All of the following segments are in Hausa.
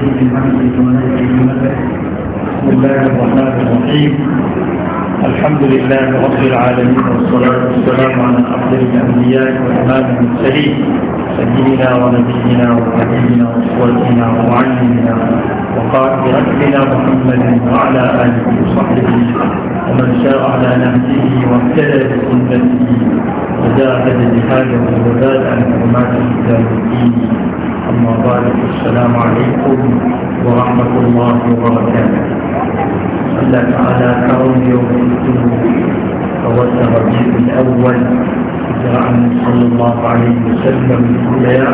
بسم الله الرحمن الرحيم الحمد لله رب العالمين والصلاة والسلام على أفضل الأنبياء وإمام المرسلين سيدنا ونبينا وحبيبنا وصلتنا ومعلمنا وقال بربنا محمد وعلى آله وصحبه ومن شاء على نهجه واهتدى بسنته وزاد بجهاده وزاد عن حرمات إلى الدين أما بعد السلام عليكم ورحمة الله وبركاته الله تعالى كرم يوم فوسع الربيع الأول عنه صلى الله عليه وسلم الأولى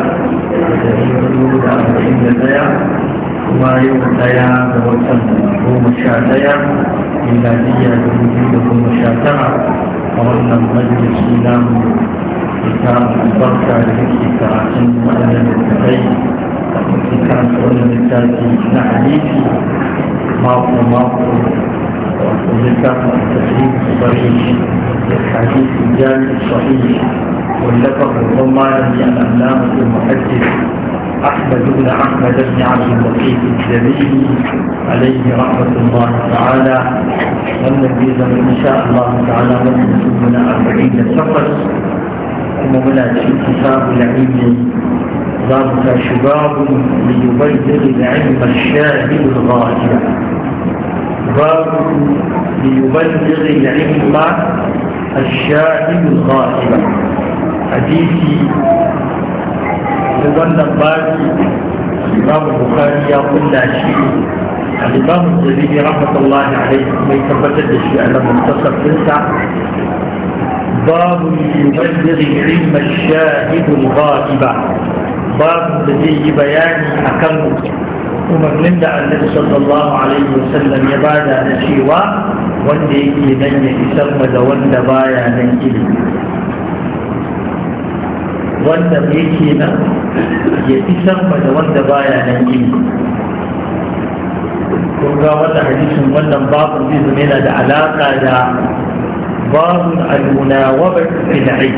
وتهيئ الأولى أربعين بيع kuma yau daya da watan goma sha daya miladiyya da biyu da sha tara a wannan majalisi namu da ta albarka da yake karatun waɗannan littattafai da muke karanta wannan littafi malami da أحمد بن أحمد بن عبد اللطيف الجليل عليه رحمة الله تعالى والنبي إن شاء الله تعالى من أربعين شخص ثم من كتاب العلم ذلك شباب ليبلغ العلم الشاهد الغاية باب ليبلغ العلم الشاهد الغائب حديثي da wannan babi imamu bukari ya kulla shi al-imamu jalili rahmatullahi alaihi mai tabbatar da shi a nan mutasar dinsa باب يبلغ علم الشاهد الغائب باب الذي بيان حكم umarnin da annabi sallallahu alaihi wasallam ya bada na cewa wanda yake nan ya isar da wanda baya nan ilimi wanda yake nan ya isar ba da wanda baya nan yi kun ga wannan hadisin wannan babu zai zama yana da alaƙa da babu al-munawaba fil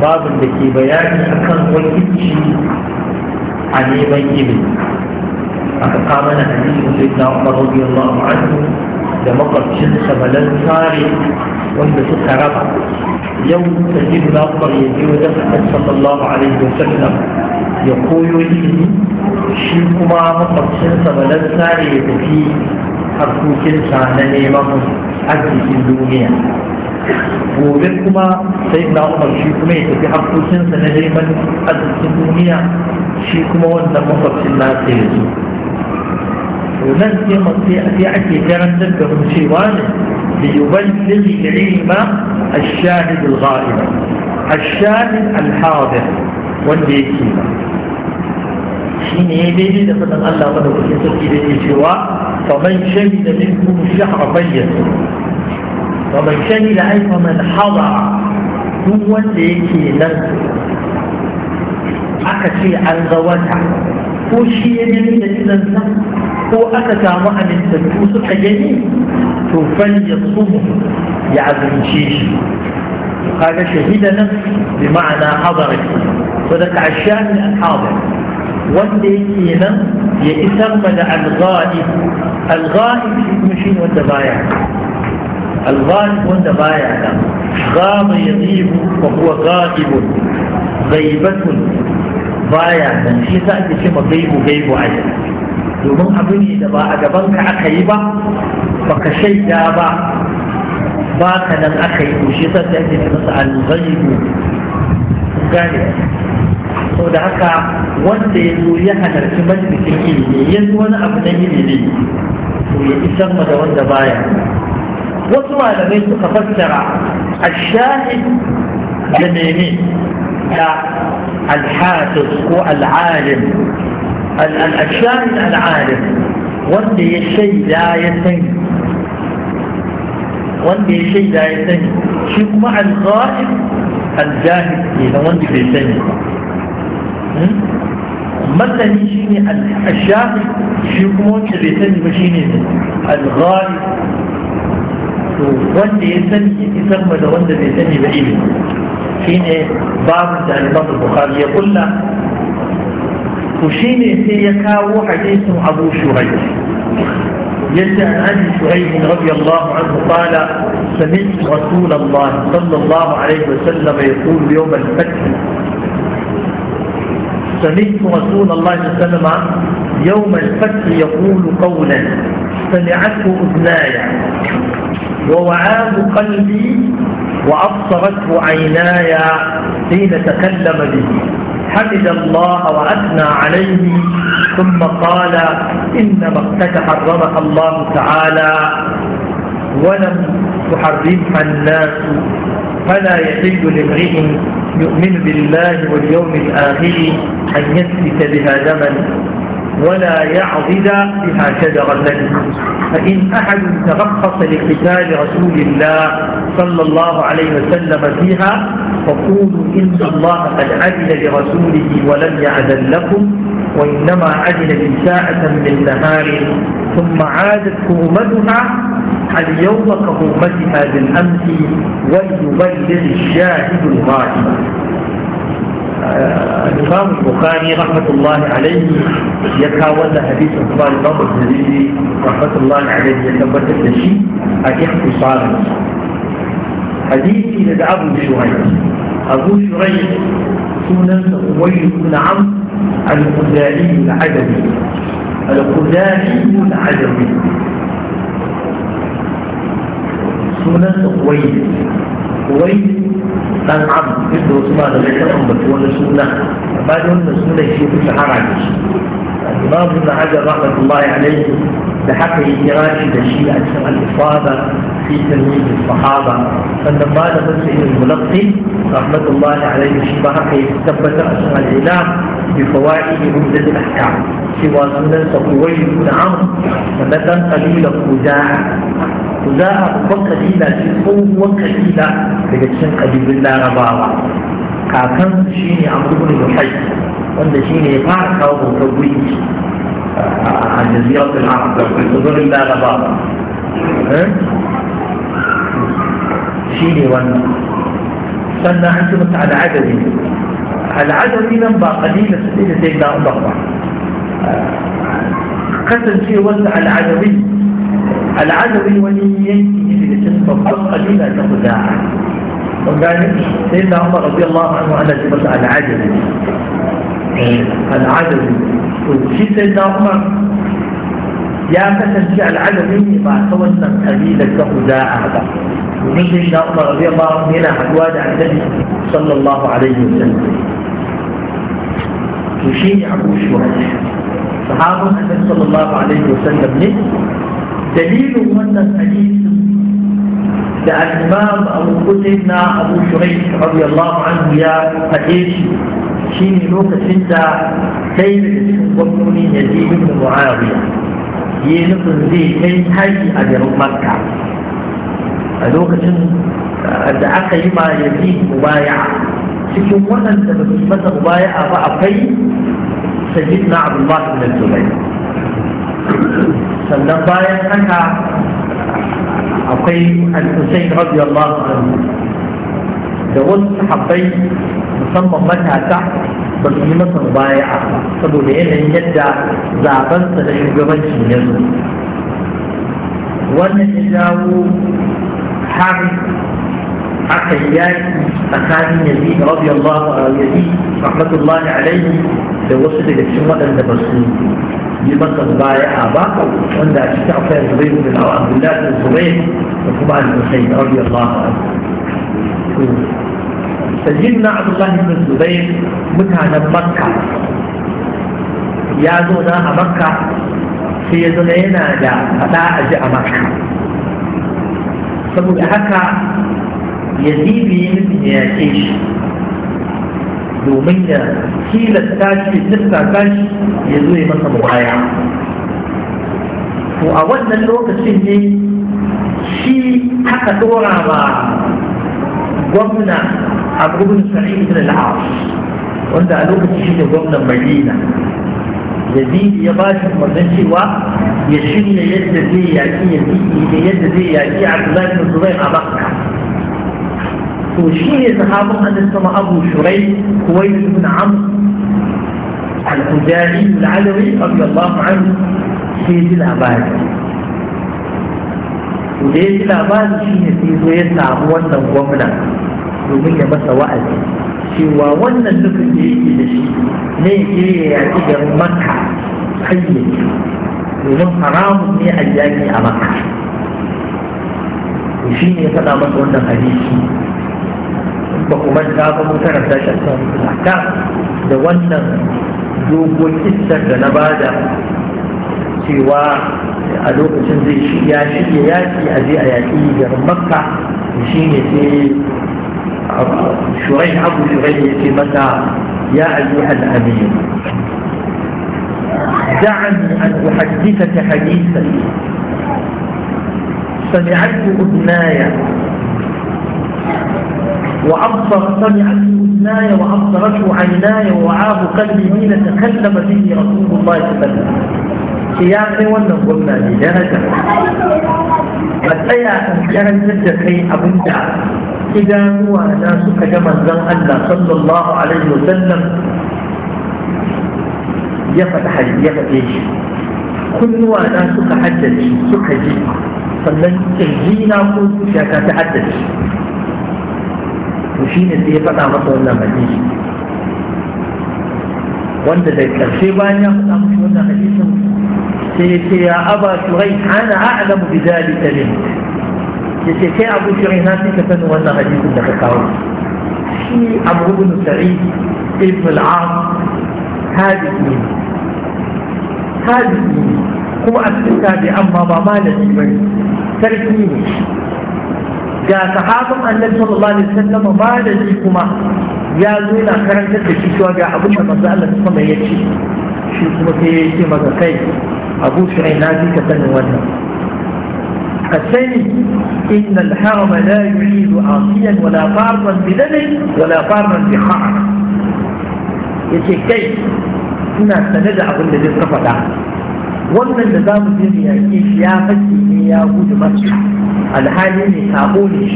babun da babu da ke bayani akan wakilci a neman ilimi A kama na hadisin sai na umar radiyallahu anhu da makwabcin sa balan tsari wanda suka raba yau sajidu na umar ya je wajen annabi sallallahu alaihi wa wasallam ya koyo ilimi shi kuma ba balan sare ya tafi harkokinsa na neman arzikin duniya gobe kuma sai na umar shi kuma ya tafi harkokinsa na neman arzikin duniya shi kuma wannan makwabcin nasa ya zo nan sai ake karantar da mu cewa ne ليبلغ العلم الشاهد الغائب الشاهد الحاضر والليكي شيني يدي لقد الله قد وكتب إليه سواه فمن شهد منكم الشهر بيته ومن شهد أي فمن حضر هو الذي لن أكشي عن زواجها هو شيء يمين لنسى هو أكتا معنى التدوس الحجاني تفن يصب يعني شيش قال شهدنا بمعنى حضر فذاك عشان الحاضر والدينا يتمد الغائب الغائب في المشين والدبايع الغائب والدبايع غاب يغيب وهو غائب غيبة بايع من في ذلك كما غيب غيب عجل domin abu ne da ba a gaban ka aka yi ba baka shaida ba ba ka nan aka yi kushe ta da ake ce masa al-ghaibu gane so da haka wanda ya zo ya halarci majalisin ilimi ya zo wani abu na ilimi to ya isar ma da wanda baya wasu malamai suka fassara الشاهد da mene da alhafiz ko al'alim الأشياء العالم ودي الشيء لا يتم ودي الشيء لا يتم شوف مع الغائب الجاهد إذا ودي في الشيء مثلا يجيني الأشياء شوف مون في الشيء مشيني الغائب ودي الشيء يسمى ودي في الشيء بعيد حين بعض عند الإمام البخاري يقول له وشيني shi ne أبو ya kawo عن abu shurai رضي الله عنه قال سمعت رسول الله صلى الله عليه وسلم يقول يوم الفتح سمعت رسول الله صلى الله عليه وسلم يوم الفتح يقول قولا سمعته اذناي ووعاه قلبي وابصرته عيناي حين تكلم به حمد الله وأثنى عليه ثم قال إنما اختك حرمها الله تعالى ولم تحرمها الناس فلا يحل لامرئ يؤمن بالله واليوم الآخر أن يسلك بها دما ولا يعضد بها شجرا لك فإن أحد تغفص لقتال رسول الله صلى الله عليه وسلم فيها فقولوا إن الله قد عدل لرسوله ولم يعدل لكم وإنما عدل من ساعة من نهار ثم عادت كرمتها اليوم كرمتها بالأمس وليبلغ الشاهد الغائب آه، الإمام البخاري رحمة الله عليه يكاول حديث أخبار الإمام الجليل رحمة الله عليه يتبتل الشيء أكيد صالح حديث إلى أبو شهيد أبو شريع سنة أبيه بن عمرو الخزائي العجمي الخزائي العجمي سنة أبيه أبيه بن عمرو ابن عثمان ليس أمك ولا سنة بعد أن سنة الشيخ الحرج الإمام بن حجر رحمة الله عليه بحق إيراد الشيعة الإفاضة في تلميذ الصحابه فمن بال نفسه الملقي رحمه الله عليه شبه كيف ثبت اسماء الاله بفوائد مده الاحكام سوى سنن فقويه بن عمرو ومدى قليلة خزاعه خزاعه وقليلا في قوه قليلا بجسم قليل الله رباوه كاكن شيني عمرو بن الحج وان شيني فاعل او آه، عن جزيره العرب وقلت الله رباوه 嗯。Huh? شيلي وانا سنة حسبت على عددي على عددي لنبا قليلة سنة زي ما أضغب قسم شيء وانا على عددي على عددي وانيني يجب أن تنبا قليلة تخدع وقال سنة عمر رضي الله عنه أنا جبت على عددي على عددي وشي سنة عمر يا فتى الشعر العلمي ما توسم له لا اعظم ومن ان شاء الله رضي الله عنه من احوال النبي صلى الله عليه وسلم وشيء يعبو شوائح صحابه صلى الله عليه وسلم من دليل من الحديث لأسباب أو قتلنا أبو شريك رضي الله عنه يا حديث شيني لوك سنة كيف يسكن وقتني يزيد بن معاوية ya nufin zai kai taki a garin makka a lokacin eh, da aka yi ma yazid mubaya cikin waɗanda ba su masa mubaya ba akwai sajid na abdullah ibn zubair sannan bayan haka akwai al-husayn radiyallahu anhu da wasu sahabbai musamman matasa ba su yi masa a saboda yanayin yadda zabensa da shugabanci ya zo wannan ya jawo har aka yi yaki tsakanin yazid radiyallahu anhu yazid rahmatullahi alaihi da wasu daga cikin waɗanda ba su yi masa a ba wanda a cikin akwai zubair bin abdullahi da zubai da kuma al-husayn radiyallahu anhu sayyidina abdullahi bin zubair mutanen makka ya zauna a makka sai ya zama yana da fada a ji a makka saboda haka ya zibi ya yaƙe shi domin ya tilasta shi tilasta shi ya zo ya masa mubaya to a wannan lokacin ne shi aka dora ba gwamna عمرو بن سعيد العاص wanda a lokacin shi ne gwamnan madina yazid ya ba shi umarnin cewa ya shirya yadda zai yaƙi yazidi da yadda zai yaƙi abdullahi bin zubair a makka to shi ne sahabin annabi sama abu shurai kuwait ibn amr الحجاري العلوي رضي الله عنه سيد العباد وسيد العباد شيء سيد ويسع هو النومنا domin ya masa wa'azi cewa wannan nufin da yake da shi ne ya yaƙi garin makka kai domin haramun ne a yaƙi a maka. shi ne ya faɗa masa wannan hadisi ba ku manta ba mu karanta shi a da wannan dogon kissar da na bada cewa a lokacin zai ya shirya yaƙi a je a yaƙi garin makka shi ne sai شريح أبو شريح في متى يا أيها الأمير دعني أن أحدثك حديثا سمعته أذناي وأبصر سمعته أذناي وأبصرته عيناي وعاب قلبي حين تكلم به رسول الله صلى الله عليه وسلم قيامي ولا قلنا لدرجة قد أيا أن كانت تدخي أبو idanuwa na suka ga manzon Allah sallallahu alaihi wasallam ya faɗa hadisi ya faɗe shi kunnuwa na suka haddace suka ji sannan kirji na ko zuciya ta ta haddace to shine sai ya faɗa masa wannan hadisi wanda da ƙarshe bayan ya faɗa masa wannan hadisin sai ya ce ya aba shurai ana a'lamu bi dhalika minka yace kai abu shirai na fi ka sani wannan hadisin da ka kawo shi abu ibn sa'id ibn al-am hadisi hadisi kuma a cikin tabi amma ba malami bane sarki ne ga sahabin annabi sallallahu alaihi wasallam malami kuma ya zo yana karantar da shi cewa ga abin da manzo Allah sama ya ce shi kuma sai ya ce maka kai abu shirai na fi ka sanin wannan الثاني إن الحرم لا يعيد عاصيا ولا فارضا بدم ولا فارضا بخعر يسي كيف كنا سندع كل ذي صفة ومن النظام الدنيا كيف يا فتي يا وجود مكة الحال اللي تابوليش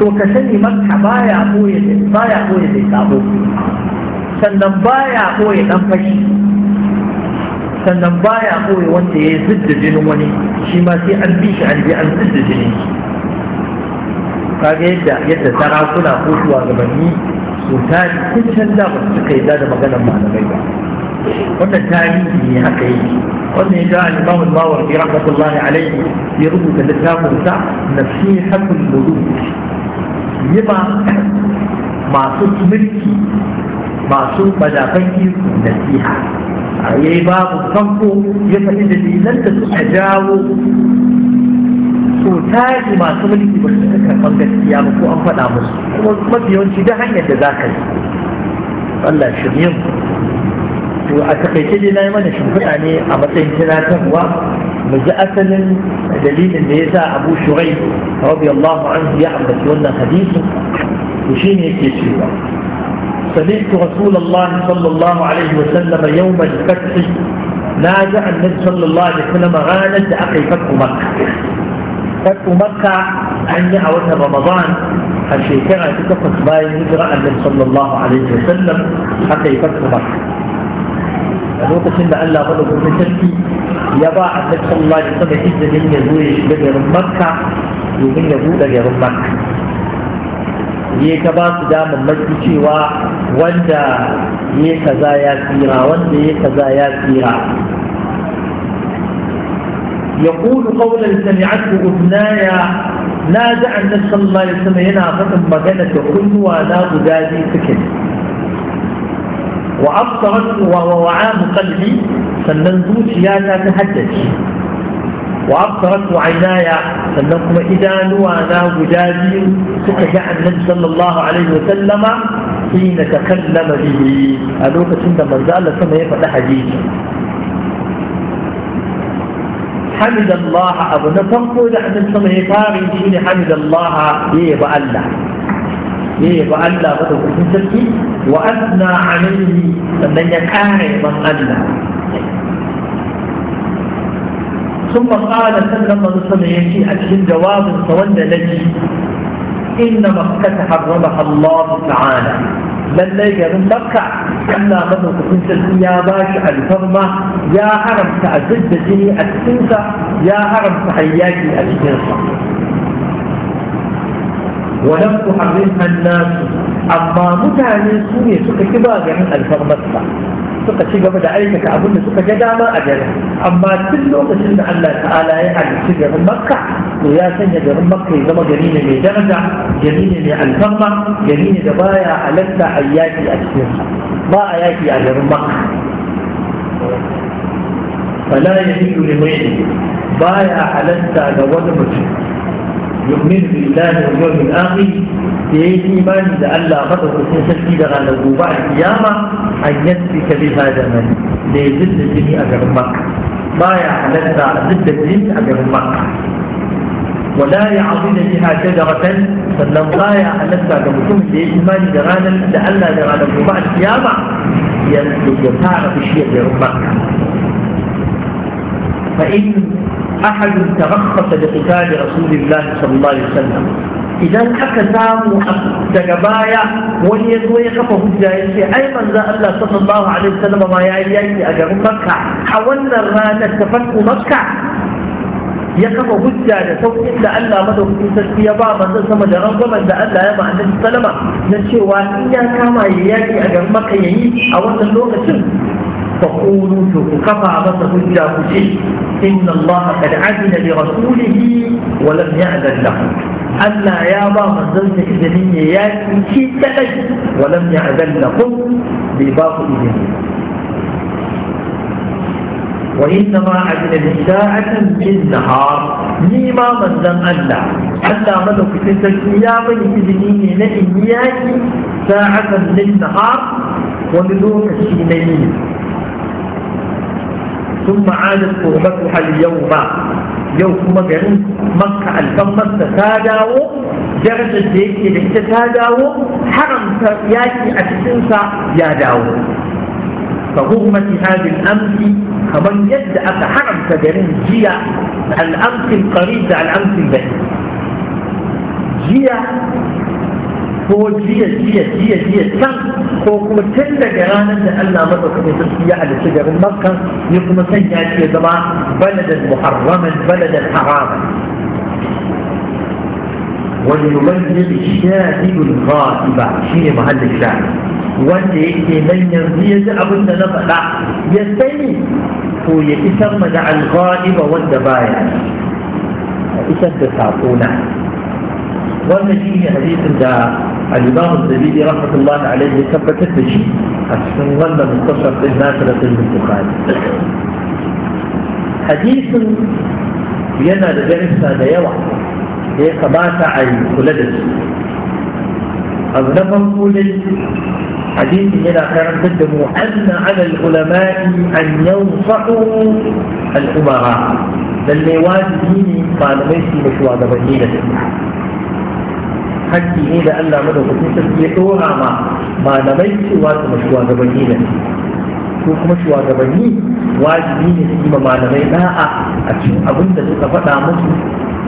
تو كسني مكة بايا بايع أخويا قوية تابوك سنن بايا قوية نفشي سنن بايا قوية وانت يزد جنوني shi ma sai an bi shi an je an tsinda jinin shi kaga yadda yadda sarakuna ko shugabanni su tari kun canza ba su suka yi da maganar malamai ba wannan tarihi ne haka yi wannan ya al-imam al-mawardi rahmatullahi alayhi ya rubuta littafin sa nasihatul muluk yaba masu mulki masu madafan iko nasiha ya yi babu farko ya faɗi dalilan da suka jawo so tari masu mulki ba su karɓar gaskiya ba ko an faɗa musu kuma mafi yawanci da hanyar da za ka yi Allah shirye to a takaice dai na yi mana shimfiɗa ne a matsayin tunatarwa mu ji asalin dalilin da ya sa abu shurai rabbi allahu anhu ya ambaci wannan hadisin to shine yake cewa سمعت رسول الله صلى الله عليه وسلم يوم الفتح نادى النبي صلى الله عليه وسلم غانا لأقي فتح مكة فتح مكة عني أوت رمضان الشيخ تتقص باي هجرة النبي صلى الله عليه وسلم أخي فتح مكة الوقت إن الله غلب من تركي يباع النبي صلى الله عليه وسلم إذن من يزوي بغير مكة ومن يزوي بغير مكة ya ta ba su damar maki cewa wanda ya kaza ya tsira wanda ya kaza ya tsira يقول قولا سمعته ابنايا نادى النبي صلى الله عليه هنا فتن مجنة كل وانا غدادي سكن وأبصرت ووعام قلبي سنن يا لا تهدج وأبصرت عيناي sannan kuma idanuwa na guda biyu suka ga annabi sallallahu alaihi wa sallama hina takallama bihi a lokacin da manzo Allah sama ya faɗi hadisi حمد الله أبو نفقه لأن السماء يفاري شيني حمد الله يبقى الله يبقى الله بدو كنت وأثنى عليه أن يكاري من الله ثم قال صلى الله عليه وسلم من جواب تولى لجي إن مكة حرمها الله تعالى لن من مكة ألا مدرك كنت القيامات الفرمة يا حرم تعزد جني أتسنسة يا حرم تحياتي أتسنسة ولم تحرمها الناس أما متى من سنة سكتبا يعني الفرمة suka ci gaba da aikata abin da suka ga dama a gare amma duk lokacin da Allah ta'ala ya halicci garin makka to ya sanya garin makka ya zama gari ne mai daraja gari ne mai alfarma gari ne da baya halatta a yaki a cikin ba a yaki a garin makka fala ya yi ne mai baya halatta ga wani mutum yu'min billahi wa yawmil akhir da ya yi imani da Allah madaukakin sarki da ranar gobe a kiyama an yanzu ka bi da mani da ya zidda jini a garin makka baya halatta a zidda jini a garin makka ولا يعظم بها شجرة sannan baya halatta ga mutum da ya imani da ranar da Allah da ranar gobe a kiyama ya fara bishiyar garin makka فإن أحد ترخص بقتال رسول الله صلى الله عليه وسلم idan aka samu daga baya wani ya zo ya kafa hujja ya ce ai manzo Allah sallallahu alaihi wasallam ma ya yi yaki a garin Makka a wannan ranar ta farko Makka ya kafa hujja da saukin da Allah madaukakin sarki ya ba manzo sama da rangwamen da Allah ya ba annabi sallama na cewa in ya kama ya yaki a garin Makka yayi a wannan lokacin فقولوا كفى بس هجة إن الله قد عدل لرسوله ولم يأذن له أما يا بابا زلت إذنية يا إنشي تلج ولم يعدل لكم بباب إذنية وإنما عدل الساعة في النهار نيما من ذن ألا في مدى كتنسى القيامة إذنية لإنية ساعة في النهار ولدوك الشينيين ثم عادت قربتها اليوم yau kuma garin makka alfammarsa ta dawo darajar da yake da ita ta dawo haramta yaki a cikinsa ya dawo fa hurmati hadin amsi kamar yadda aka haramta garin jiya al'amsin qarib da al'amsin bai jiya ko jiya jiya jiya jiya can ko kuma tun daga ranar da Allah madaukakin sarki ya halicci garin Makka ya kuma sanya shi ya zama baladan muharraman baladan haraman وليبلغ الشاهد الغائب شيء محل الشاهد wanda yake nan yanzu ya ji abin da na faɗa ya sani ko ya isar ma da alghaiba wanda baya isar da saƙona wannan shi ne hadisin da الإمام الزبيدي رحمة الله عليه ثبت الدشي أحسن ولا مختصر في النافلة البخاري حديث ينا لجنسة ديوة هي قباسة عن ولدت أبو نفر قولي حديث ينا كان قدم أن على العلماء أن ينصحوا الأمراء للي واجبين قالوا ميسي مشوار مدينة hakki ne da Allah madaukakin sarki ya dora ma malamai cewa su shugabanni ne ko kuma shugabanni wajibi ne su yi ma malamai da'a a cikin abin da suka faɗa musu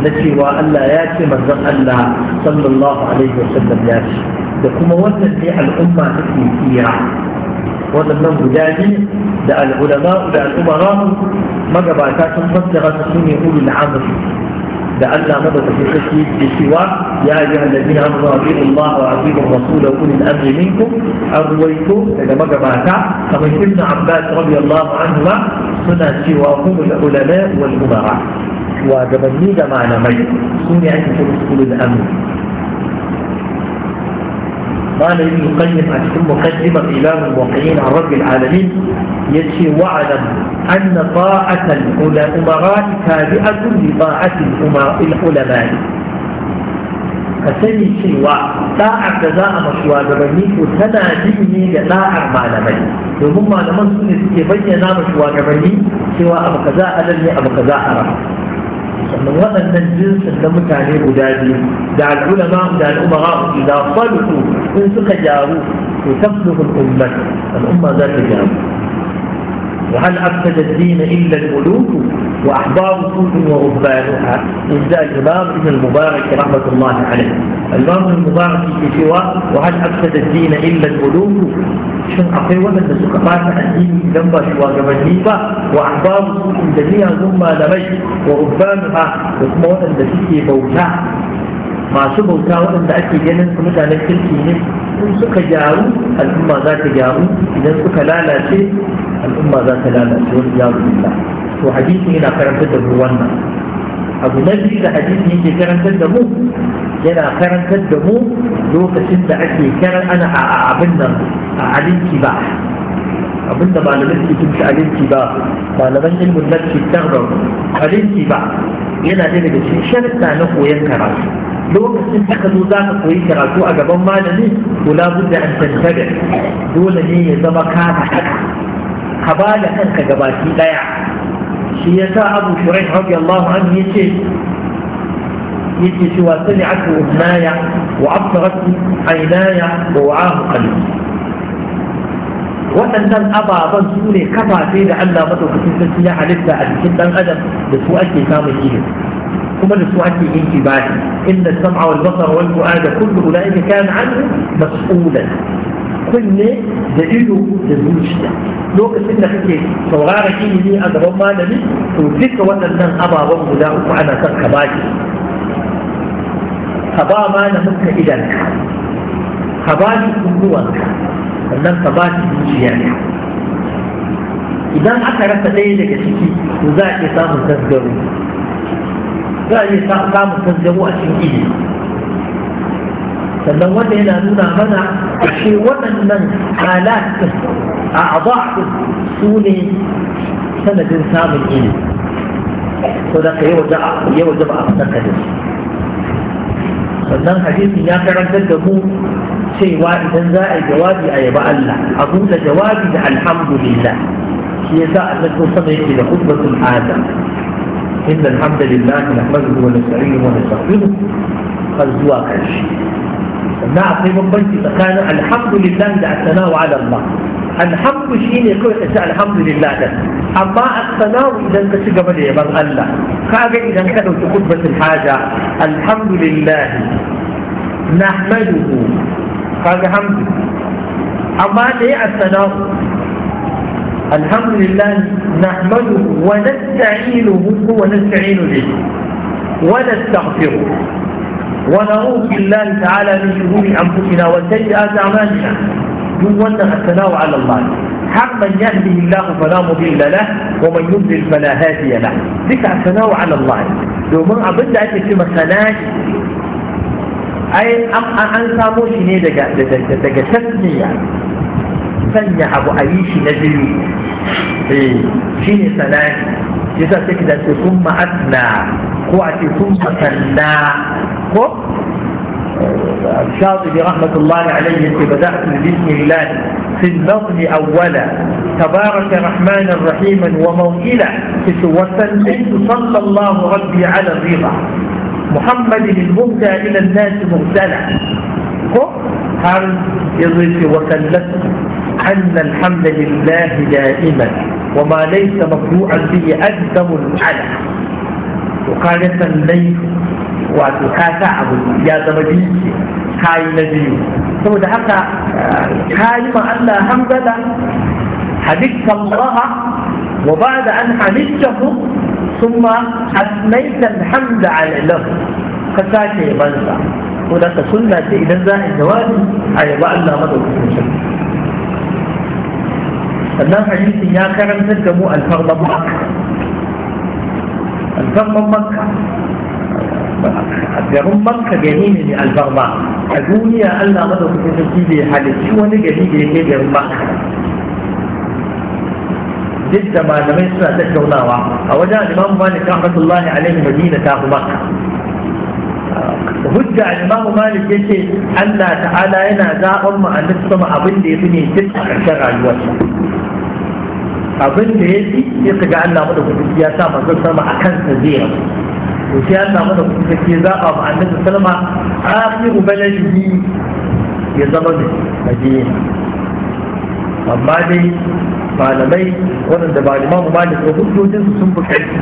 na cewa Allah ya ce manzon Allah sallallahu alaihi wasallam ya ce da kuma wannan ne al'umma take tsira waɗannan guda biyu da al'ulama da al'umara magabata sun fassara su ne ulul amr لئلا مضت في حكم بسوى يا ايها الذين امنوا اطيعوا الله واطيعوا الرسول واولي الامر منكم ارويتم ما مجمعك فمن ابن عباس رضي الله عنهما سنى سواكم العلماء والامراء وجبني جمعنا من سنى عندكم اولي الامر قال ابن القيم اشكو مقدم الاله الموقعين عن رب العالمين يأتي وعدا أن طاعة الأمراء تابعة لطاعة العلماء كسيني سيوا طاعة كذا أمشوا لبني وتنا جمني لطاعة معلمين يقول ما لمن سنة كيفية نامشوا لبني سوى أبو كذا أدني أبو كذا أرم من وضع المنزل سلم تاني أدادي دع العلماء دع الأمراء إذا صلحوا إن سكجاروا وتفلغ الأمة الأمة ذات جاروا وهل أفسد الدين إلا الملوك وأحبار سوء ورهبانها إنزاء الإمام ابن المبارك رحمة الله عليه الإمام ابن المبارك في سوى وهل أفسد الدين إلا الملوك شن أخي ومن سكفات الدين جنب شوى جمجيبا وأحبار سوء جميع ثم لمج ورهبانها وكما أن تسكي بوتا ما bauta waɗanda تأتي ganin su mutanen kirki ne in suka gyaru al'umma إذا ta لا لا suka al'umma za ta lalace wani ya billah to hadisi yana karantar da mu wannan abu na biyu da hadisi yake karantar da mu yana karantar da mu lokacin da ake karan ana a abin nan a alinki ba abin da malaman ke tunci alinki ba malaman ilmin nafsi tarbar alinki ba yana da daga cikin sharta na koyon karatu lokacin da ka zo za ka koyi karatu a gaban malami to labudda an tantabe dole ne ya zama ka haka ka ba da kanka gabaki ɗaya shi ya sa abu shirai rabi Allah an ya ce yake cewa sani aka uznaya wa abdaratu ainaya wa wa'ahu qalbi waɗannan ababen su ne kafafe da Allah madaukakin sarki ya halitta a jikin ɗan adam da su ake samun ilimi kuma da su ake yin ibada inda sam'a wal basar wal fu'ada kullu ulaika kana anhu mas'ulan kunne da ido da zuciya lokacin da kake sauraron ilimi a gaban malami to duka waɗannan ababen guda uku ana son ka ba shi ka ba malamin ka idanka ka ba shi kunnuwanka sannan ka ba shi zuciyarka idan aka rasa ɗaya daga ciki to za a iya samun tasgaro za a iya samun tasgaro a cikin ilimi sannan wanda yana nuna mana ashe waɗannan halat a abu su ne sanadin samun ilimi ko da ka yawa jaba a fasarka da su sannan hadisin ya karantar da mu cewa idan za a yi jawabi a yaba Allah a buɗe jawabi da alhamdulillah shi ya sa Allah ko sama yake da hudbatul adam inna alhamdulillah nahmaduhu wa nasta'inuhu wa nastaghfiruh har zuwa ƙarshe ما أقيم قلت فكان الحمد لله ده الثناء على الله الحق شيء يقول إساء الحمد لله ده أما الثناء إذا أنت تقبل يا بل الله كاقا إذا كانوا تقبل الحاجة الحمد لله نحمده كاقا حمد أما ليه الثناء الحمد لله نحمده ونستعينه ونستعين به ونستغفره ونعوذ بالله تعالى من شرور أنفسنا وسيئات أعمالنا من ودع الثناء على الله حقا يهده الله فلا مضل له ومن يضلل فلا هادي له ذكر الثناء على الله لو abin da ake ce masana ai an samo shi ne daga tasmiya sanya abu a yi shi na biyu shi ne yasa sai ko a ce الشاطبي رحمة الله عليه بدأت بسم الله في النظم أولا تبارك الرحمن الرحيم وموئلا وسلمت صلى الله ربي على الرضا محمد المهدى إلى الناس مهدلا هل يضيف وسلمت أن الحمد لله دائما وما ليس مطلوعا به أقدم العلم to kaga sallai wato ka sa abu ya zama biyu kayi na biyu saboda haka kayi ma Allah hamdala hadikta Allah wa ba'da an hadiktahu thumma asnaita alhamda ala lahu ka sake yabansa ko da ka sunna ce idan za a jawabi a yaba Allah madaukakin sarki sannan hadisin ya karantar da mu alfarma مسمى مكة garin makka gari ne mai albarma a duniya allah mada kusa sarki bai halicci wani gari da yake garin makka duk da malamai suna tattaunawa a wajen imam malik rahmatullahi alaihi madina ta fi makka hujja imam malik yace allah ta'ala yana zaɓar mu a sama abin da ya fi ne duk a ƙarshen rayuwarsa abin da ya ji sai ka ga Allah mu da kuɗi ya sa manzon sama a sa zai rabu to sai ya samu da kuɗi sai zaɓa ba annabi salma akhiru baladihi ya zama da madina amma dai malamai waɗanda ba limamu malik da su sun buƙaci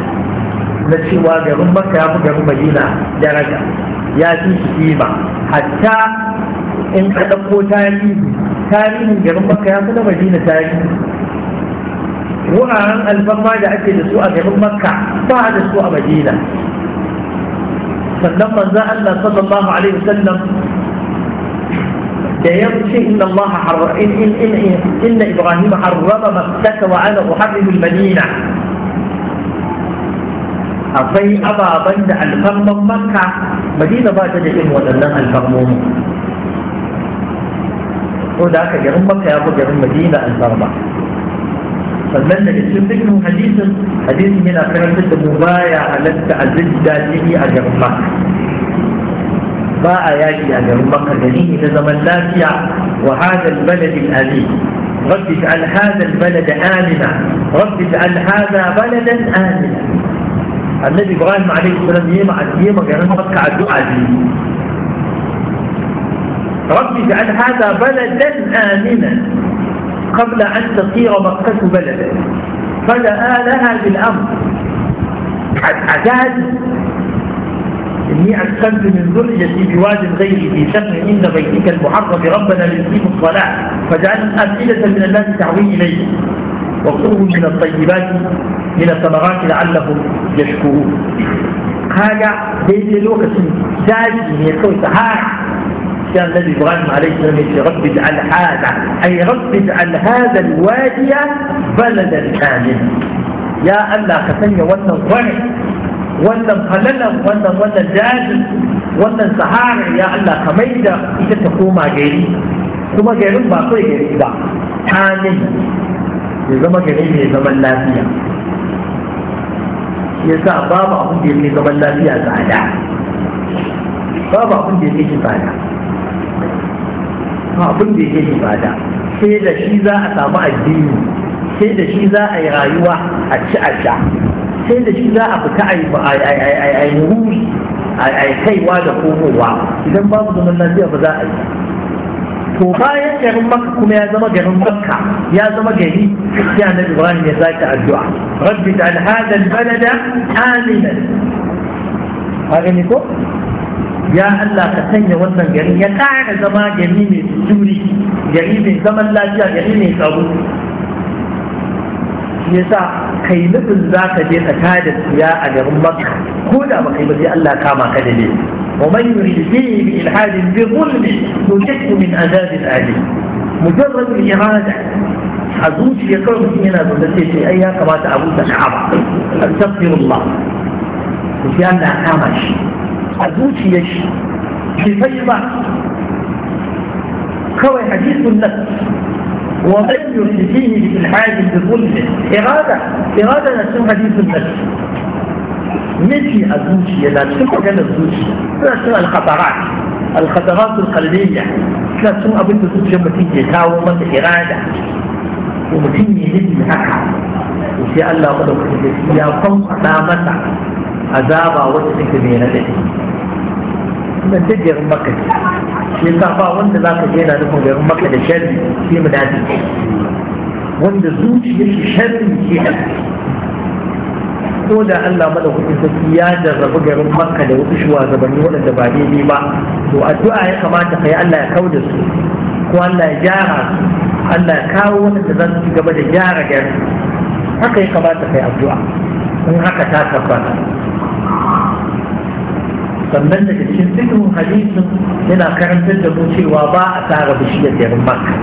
na cewa garin baka ya fi garin madina daraja ya fi shi kima hatta in ka ɗauko tarihi tarihin garin baka ya fi na madina tarihi وأن الفم يأتي أكل السوء في مكة بعد السوء مدينة فلما زال صلى الله عليه وسلم يمشي إن الله حر إن, إن, إن, إن إبراهيم حرم مكة وعلى أحرم المدينة أفي أبا بند الفم مكة مدينة بعد جئين ودنها الفرمون وذاك جرم مكة يا رب مدينة الفرمون sannan daga cikin dukkan hadisin hadisin yana karantar da mu baya halatta a zidda jini a garin maka ba a yaki a garin maka gari ne na zaman lafiya wa hadal baladin amin rabbi ta'al hadal balada amina rabbi ta'al hada baladan amina annabi ibrahim alaihi salam yema yema garin makka addu'a ne رب اجعل هذا بلدا آمنا قبل أن تصير مكة بلدا فجاء لها بالأمر عداد إني أسكنت من ذريتي بواد غير في سمع عند بيتك المحرم ربنا ليقيموا الصلاة فجعل أسئلة من الناس تعوي إليه وقوه من الطيبات من الثمرات لعلهم يشكرون هذا بيت لوكس زاجي هي كوي سهارة كان النبي إبراهيم عليه السلام يقول رب اجعل هذا أي رب اجعل هذا الوادي بلدا كاملا يا الله كسني ولا ورع ولا الخلل ولا ولا جاهل ولا سهار يا الله كميدا انت تقوم غيري ثم garin ما kawai gari ba tanin ya zama gari mai zaman بابا ya sa babu abin da ya kai zaman lafiya tsada babu abin abin da yake ibada sai da shi za a samu addini sai da shi za a yi rayuwa a ci a sha sai da shi za a fita a yi a yi kaiwa da komowa idan babu zaman lafiya ba za a yi to bayan garin makka kuma ya zama garin makka ya zama gari sai na ibrahim ya zaki addu'a rabbi ta hada balada aminan ko ya Allah ka sanya wannan garin ya ƙara zama gari mai suri gari mai zaman lafiya gari mai tsaro shi yasa kai nufin za ka je ka tada siya a garin makka ko da ba kai ba sai Allah kama ka da laifi ومن يريد فيه بإلحاد بظلم نجده من عذاب أليم مجرد الإرادة a zuciya kawai mutum yana zaune sai ce ai ya kamata a buɗe ka'aba astaghfirullah ku sai Allah kama shi a zuciyar shi bai fashi ba kawai hadisun nan wa man yurdihi bi ilhadi bi zulmi irada irada na cin hadisun nan miji a zuciya na cin maganar zuciya suna cin alkhatarat alkhatarat alqalbiyya suna cin abin da zuciyar mutum ke kawo masa irada ko mutum ne yin haka to sai Allah madaukakin ya kwankwada masa azaba wacce take mai radadi na ta garin maka ne shi sa ba wanda za ka je na nufin garin maka da sharri sai mu dace wanda zuciyar shi sharri ke a ko da Allah kuɗin sarki ya jarrabu garin maka da wasu shugabanni waɗanda ba daidai ba to addu'a ya kamata ka yi Allah ya kau da su ko Allah ya gyara su Allah ya kawo waɗanda za su ci gaba da gyara garin haka ya kamata ka yi addu'a in haka ta tabbata sannan daga cikin fikin hadisin yana karantar da mu cewa ba a tara bishiyar garin makka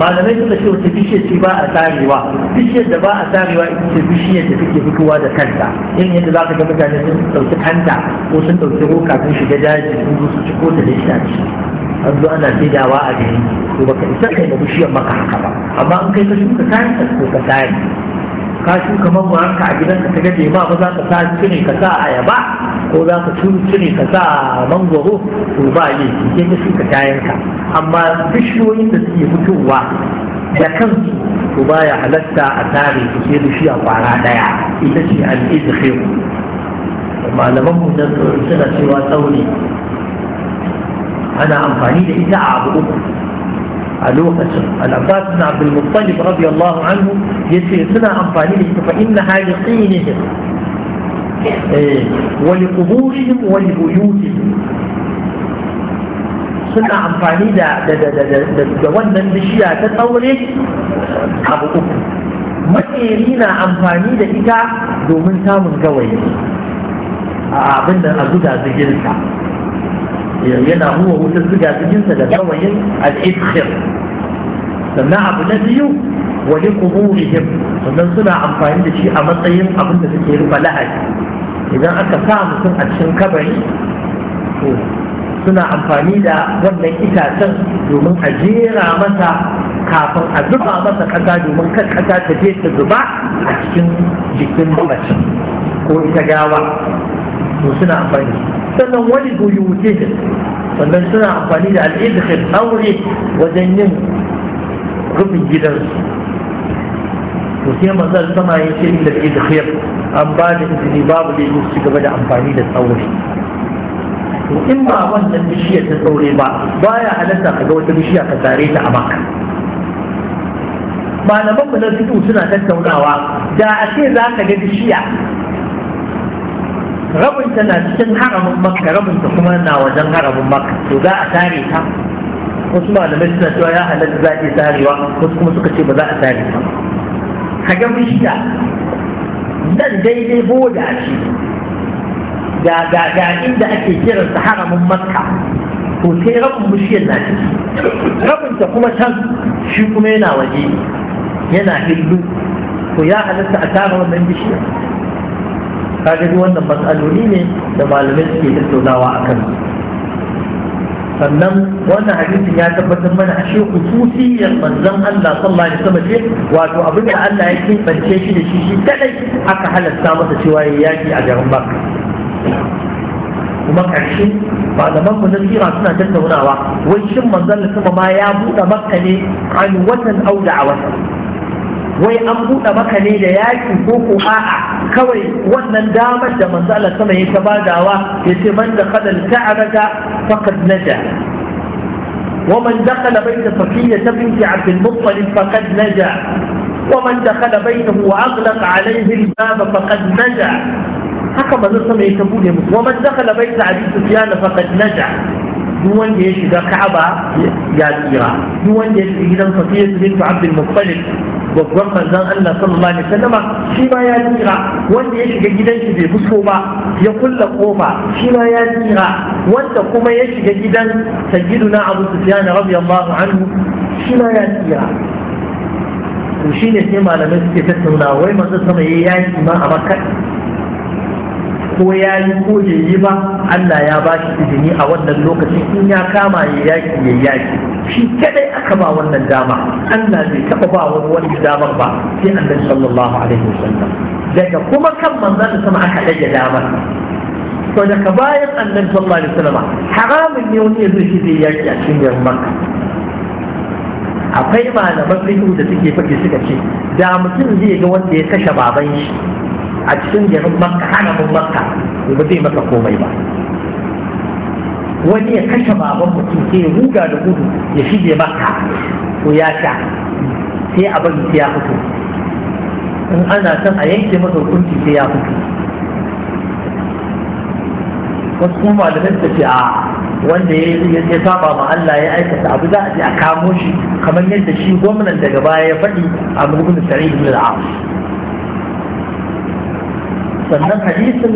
malamai suka ce wata bishiyar ce ba a tarewa bishiyar da ba a tarewa ita ce bishiyar da take fitowa da kanta irin yadda za ka ga mutane sun ɗauki kanta ko sun ɗauki roka sun shiga daji sun zo su ci ko ta da itace an zo ana saidawa a gari to baka isa kai da bishiyar maka haka ba amma in kai ka shuka kayan ka ko ka tare ka shuka mamuranka a gidanka ka gaje ma ba za ka sa cire ka sa ayaba ko za ka cire ka sa mangwaro to ba yi ke ka shuka kayanka amma bishiyoyin da suke fitowa da kansu to baya halatta a tare su sai a kwara daya ita ce al malaman mu suna cewa tsauni ana amfani da ita a abu uku a lokacin al-abbas ibn abdul muttalib radiyallahu anhu yace suna amfani da ita fa inna haliqinihim eh wa liquburihim wani libuyutihim suna amfani da wannan bishiya ta tsaure abu uku makeri na amfani da ita domin samun gawayi a abin da a zuga zigirta yana huwa wutar siga cikinsa da gawayin al'ikhir sannan abu na biyu wani kuburihim sannan suna amfani da shi a matsayin abin da suke rufa lahadi idan aka sa mutum a cikin kabari to suna amfani da wannan itacen domin a jera masa kafin a zuba masa kasa domin kan kasa ta je ta zuba a cikin jikin mace ko ita gawa to suna amfani سلم ولبيوته فمن صنع قليل على ادخل اوره وزينه رب الجدر وفي ما زال سما يسير الا الادخل ان بعد ان باب ليوسف قبل ان قليل الاوره وإما وزن المشية تطوري بعض بايا على ساقه وتمشية كتاريت عمك ما لما بنا تدو سنة تتونا وعا دا أتي ذاك شيئا، rabinta na cikin haramin makka rabinta kuma na wajen haramin makka to za a tare ta wasu malamai suna cewa ya halatta za a iya tarewa wasu kuma suka ce ba za a tare ta kaga bishiya nan daidai boda ce ga ga ga inda ake kiransa haramin makka to sai rabin bishiyar na ciki rabinta kuma can shi kuma yana waje yana hillu to ya halatta a tara wannan bishiyar kaga duk wannan matsaloli ne da malamai suke tattaunawa a kan sannan wannan hadisin ya tabbatar mana a shi khususiyar manzan Allah sallallahu alaihi wasallam ce wato abin da Allah ya kibance shi da shi shi kadai aka halarta masa cewa ya yaki a garin Makka kuma ƙarshe malaman mu na sira suna tattaunawa wai shin manzon Allah ma ya buɗe Makka ne an watan au da a watan wai an buɗe maka ne da yaƙi ko ko a'a kawai wannan damar da manzo Allah sama ya ta bada ya ce man da kada ta'araka faqad naja ومن دخل بيت صفية بنت عبد المطلب فقد نجا ومن دخل بينه وأغلق عليه الباب فقد نجا ومن دخل بيت عبد سفيان فقد نجا duk wanda ya shiga Ka'aba ya tsira duk wanda ya shiga gidan Safiya bintu Abdul Muttalib babban manzon Allah sallallahu alaihi wasallam shi ma ya tsira wanda ya shiga gidan shi bai fito ba ya kulla kofa shi ma ya tsira wanda kuma ya shiga gidan sayyiduna Abu Sufyan radiyallahu anhu shi ma ya tsira to shine sai malamai suke tattauna wai manzon sama yayi yaki ma a Makka ko ya yi ko ya yi ba Allah ya ba shi izini a wannan lokacin in ya kama ya yaki ya yaki shi kadai aka ba wannan dama Allah bai taba ba wani wani damar ba sai Annabi sallallahu alaihi wasallam daga kuma kan manzon sama aka dage damar to daga bayan Annabi sallallahu alaihi wasallam haramun ne wani ya zo shi zai yaki a cikin Makka akwai malaman fiqh da suke faɗi suka ce da mutum zai ga wanda ya kashe baban shi a cikin garin makka haramin makka ba zai maka komai ba wani ya kashe baban mutum sai ya ruga da gudu ya shige makka ko ya sha sai a bari sai ya fito in ana son a yanke masa hukunci sai ya fito wasu kuma da su tafi a wanda ya saba ma Allah ya aikata abu za a je a kamo shi kamar yadda shi gwamnan daga baya ya faɗi a mulkin sa'id da sannan hadisin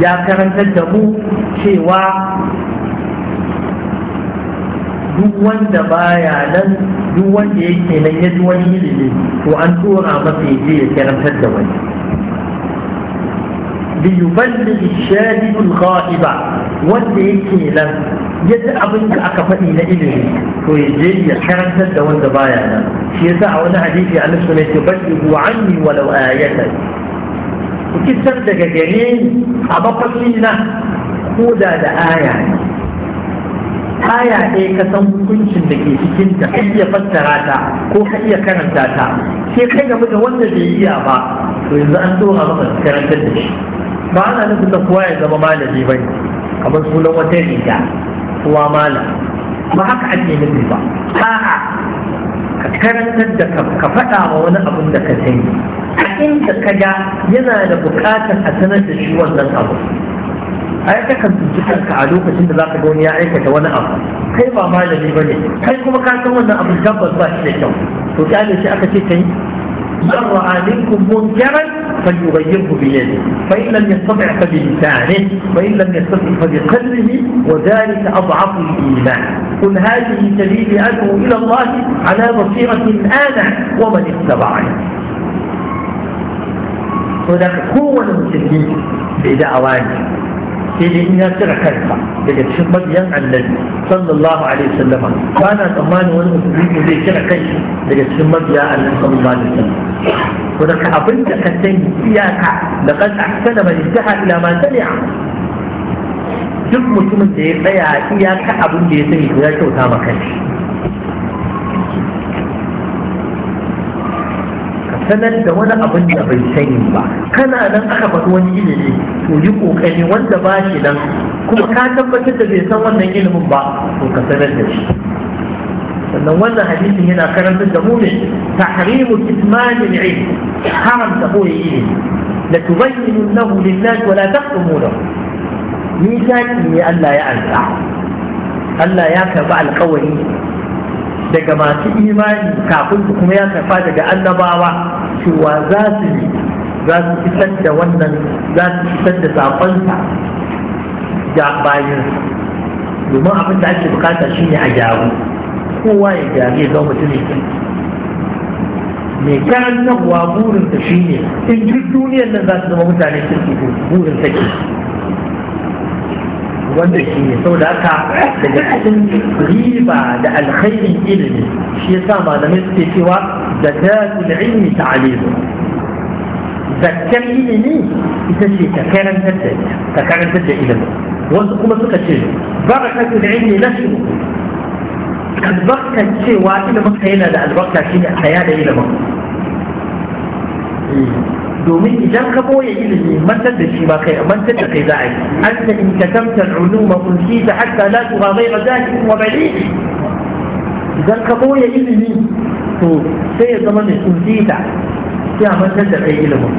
ya karantar da mu cewa duk wanda baya nan duk wanda yake nan ya ji wani ilimi to an tura masa ya je ya karantar da wani liyuballi shahidul ghaiba wanda yake nan ya ji abin da aka faɗi na ilimi to ya je ya karantar da wanda baya nan shi yasa a wani hadisi annabi ne ke balli anni walau ayatan ku fitar daga gare a mafafi na ko da da aya aya ɗaya ka san hukuncin da ke cikin ta ka iya fassara ta ko ka iya karanta ta sai kai ga mutum wanda bai iya ba to yanzu an zo a maka karantar da shi ba ana nufin da kowa ya zama malami ba ne kamar sunan wata riga kowa malam ba haka ake nufi ba a'a ka karantar da ka faɗa wa wani abin da ka sani a inda ka ga yana da buƙatar a sanar da shi wannan abu ai ka kan tuntu kanka a lokacin da zaka ga wani ya aikata wani abu kai ba malami bane kai kuma ka san wannan abu tabbas ba shi da kyau to kyale shi aka ce kai من رأى منكم منكرا فليغيره بيده فإن لم يستطع فبلسانه وإن لم يستطع فبقلبه وذلك أضعف الإيمان قل هذه سبيلي أدعو إلى الله على بصيرة أنا ومن اتبعني هناك قوة المسلمين بدعوانه sai dai in ya cire kansa daga cikin mabiyan annabi sallallahu alaihi wasallam ba na tsammani wani musulmi zai cire kansa daga cikin mabiya annabi sallallahu alaihi wasallam ko da abin da ka sani iyaka da kan ahsana man intaha ila ma sami'a duk mutumin da ya tsaya iyaka abin da ya sani ya kyauta ma kanshi sanar da wani abin da bai sani ba kana nan aka faɗi wani ilimi to yi kokari wanda ba shi nan kuma ka tabbatar da bai san wannan ilimin ba to ka sanar da shi sannan wannan hadisin yana karantar da mu ne tahrimu kitmanil ilm haramta koyi ilimi la tubayyinu lahu nas wa la taqtumunahu ni taki ne Allah ya alƙa Allah ya karɓi alƙawari daga masu imani kafin kuma ya karfa daga annabawa cewa za su yi za su fitar da wannan za su fitar da ta ga bayan domin abin da ake bukata shine a gyaru kowa ya gyaru ya zama mutumin kirki mai karantarwa shi shine in duk duniyar nan za su zama mutane kirki burin ke. wanda shi ne saboda haka daga cikin riba da alkhairin ilimi shi yasa malamai suke cewa zakatul ilmi ta'alimu zakkar ilimi ita ce ta karantar da karantar da ilimi wasu kuma suka ce ilimi na? nashru albarkar cewa ilimin ka yana da albarka shine a yada ilimin eh. domin idan ka boye ilimi mantar da shi ba kai mantar da kai za a yi an ta in ka tamta uluma kunshi ta hatta la tuha mai razakin wa balidi idan ka boye ilimi to sai ya zama mai kunshi ta sai a mantar da kai ilimin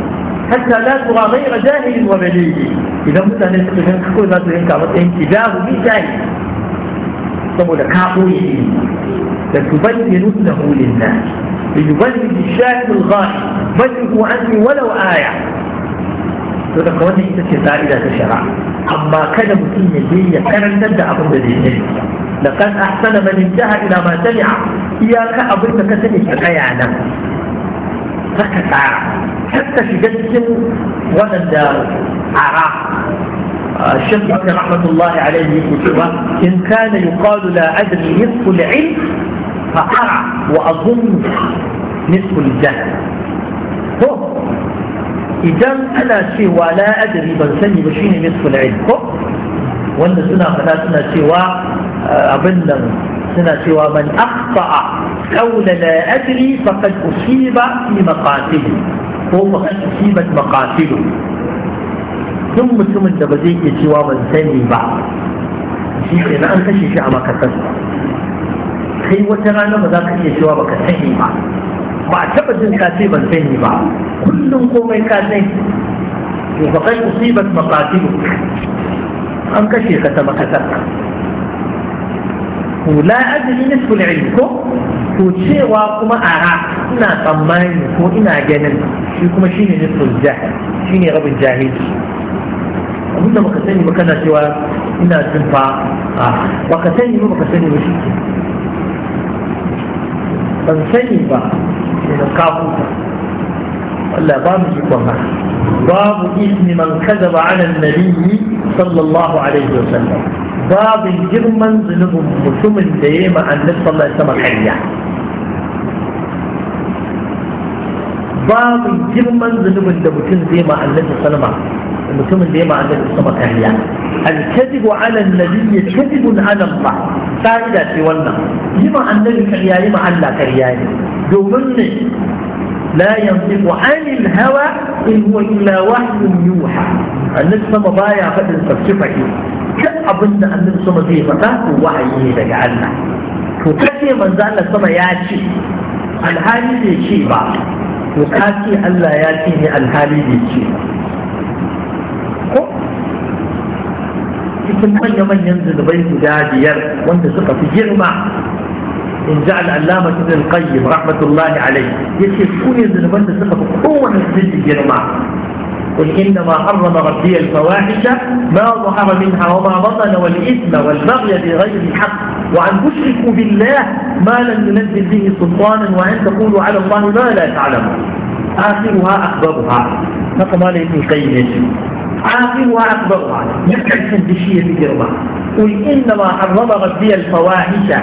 hatta la tuha mai razakin wa balidi idan mutane suka gan ka kawai za su yanka matsayin kidahu bi jahi saboda ka boye ilimi da tubayyinu lahu lin nas yubayyinu shahidul ghaib بلغوا عني ولو آية صدق وانه تسكي فائدة الشرع أما كان مسلم الدين يكرن ندى أبو الدين لقد أحسن من انتهى إلى ما سمع إياك أبو إنك سمي فقيا نم فكتا حتى في جدس ولد عراق الشيخ رحمة الله عليه يكتب إن كان يقال لا أدري نصف العلم فأرى وأظن نصف الجهل ko idan ana cewa la adri ban sani ba shine nisful ilm ko wanda suna fada suna cewa abin nan suna cewa man akhta'a qawla la adri faqad usiba fi maqatili ko faqad usibat maqatilu duk mutumin da ba zai iya cewa ban sani ba shi ke an kashe shi a makasar kai wata rana ba za ka iya cewa baka sani ba ba taba jin ka ce ban sani ba kullum komai ka sani to ba kai musibat maqatilu an kashe ka ta makatar ko la ajri nisful ilm ko to cewa kuma ara ina tsammani ko ina ganin shi kuma shine nisful jahil shine rabin jahili da baka sani ba kana cewa ina jin fa baka sani ba baka sani ba shi ban sani ba ولا باب الاتهام باب اسم من كذب على النبي صلى الله عليه وسلم باب جرما ذنب مسلم ديما ان نفس الله سمى الحديث باب جرما ذنب مسلم ديما ان نفس الله سمى المسلم ديما ان نفس الله سمى الحديث الكذب على النبي كذب على الله سائلة في ولنا لما أنني كرياني مع الله كرياني بظن لا ينطق عن الهوى إن هو إلا وحي يوحى ان ما ضايع قد تفسفك كم أظن أن النفس ما فيه فتاة وحيه لجعلنا وكثير من ذلك السماء يأتي الحالي بيشي بعض وكاتي ألا يأتيني الحالي بيشي كم من يمن ينزل بيت جادي يرد وانت سقط جرمه إن جعل علامة ابن القيم رحمة الله عليه yace كل يزن zunuban da suka fi kowane قل إنما حرم ربي الفواحش ما ظهر منها وما بطن والإثم والبغي بغير الحق وأن تشركوا بالله ما لم ينزل به سلطانا وأن تقولوا على الله ما لا تعلمون آخرها أخبرها نقم عليه ابن القيم اخرها أكبرها يكتب في بجرمة قل إنما حرم ربي الفواحش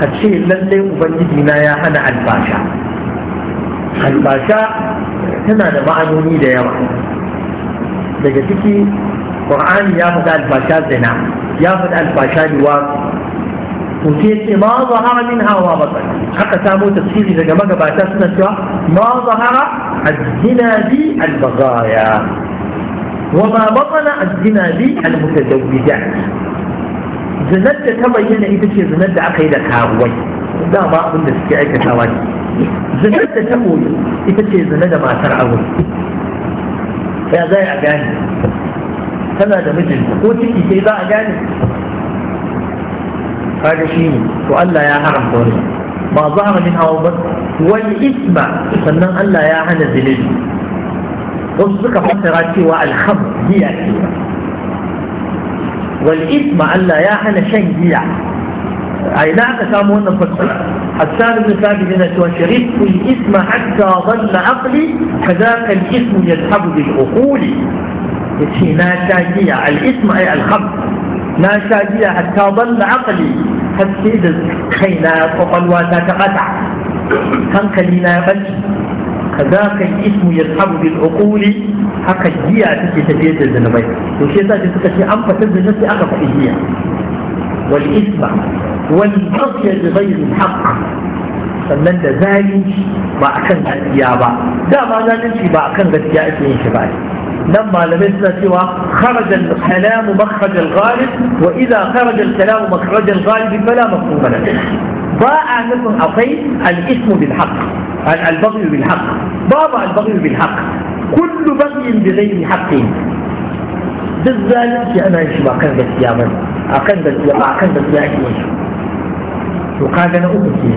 ka ce lallai ubangiji na ya hana albasha albasha tana da ma'anoni da yawa daga ciki qur'ani ya faɗi albasha zina ya faɗi albasha liwa ko sai ce ma zahara min hawa batsar haka samo tafsiri daga magabata suna cewa ma zahara الزنا bi albagaya وما بطن الزنا بي المتزوجات zinar da ta bayyana ita ce zinar da aka yi da karuwai da ba abin da suke aikatawa ne zinar da ta koyi ita ce zina da matar aure ya za a gane tana da mijinta ko ciki sai za a gane kaga shi ne to Allah ya haramta wannan ba zahar min hawa ba wal isma sannan Allah ya hana zinabi wasu suka fassara cewa alham giya ce والإثم ألا يا حنا شن جيع أي لا تسامو أن حسان بن ثابت هنا وشربت الإثم حتى ظل عقلي فذاك الإثم يذهب بالعقول يتي لا شاجية الإثم أي الخمر لا شاجية حتى ظل عقلي حتى إذا خينا وقلوا تقطع هنكلي بل فذاك الإثم يذهب بالعقول haka jiya take tafiyar da zanubai to shi yasa sai suka ce an fatar da shi aka faɗi jiya wal isma wal qatl bi ghayri haqq sannan da zalunci ba akan gaskiya ba dama zalunci ba akan gaskiya ake yin shi ba nan malamai suna cewa kharaja al-kalam makhraj al-ghalib wa idha kharaja al-kalam makhraj al-ghalib fala mafhum ba a nufin akwai al-ismu bil haqq al-baghy bil haqq baba al-baghy bil haqq كل بغي بغير حق بالذات انا شو اكن بس يا من اكن بس يا اكن يا شو قال انا ابكي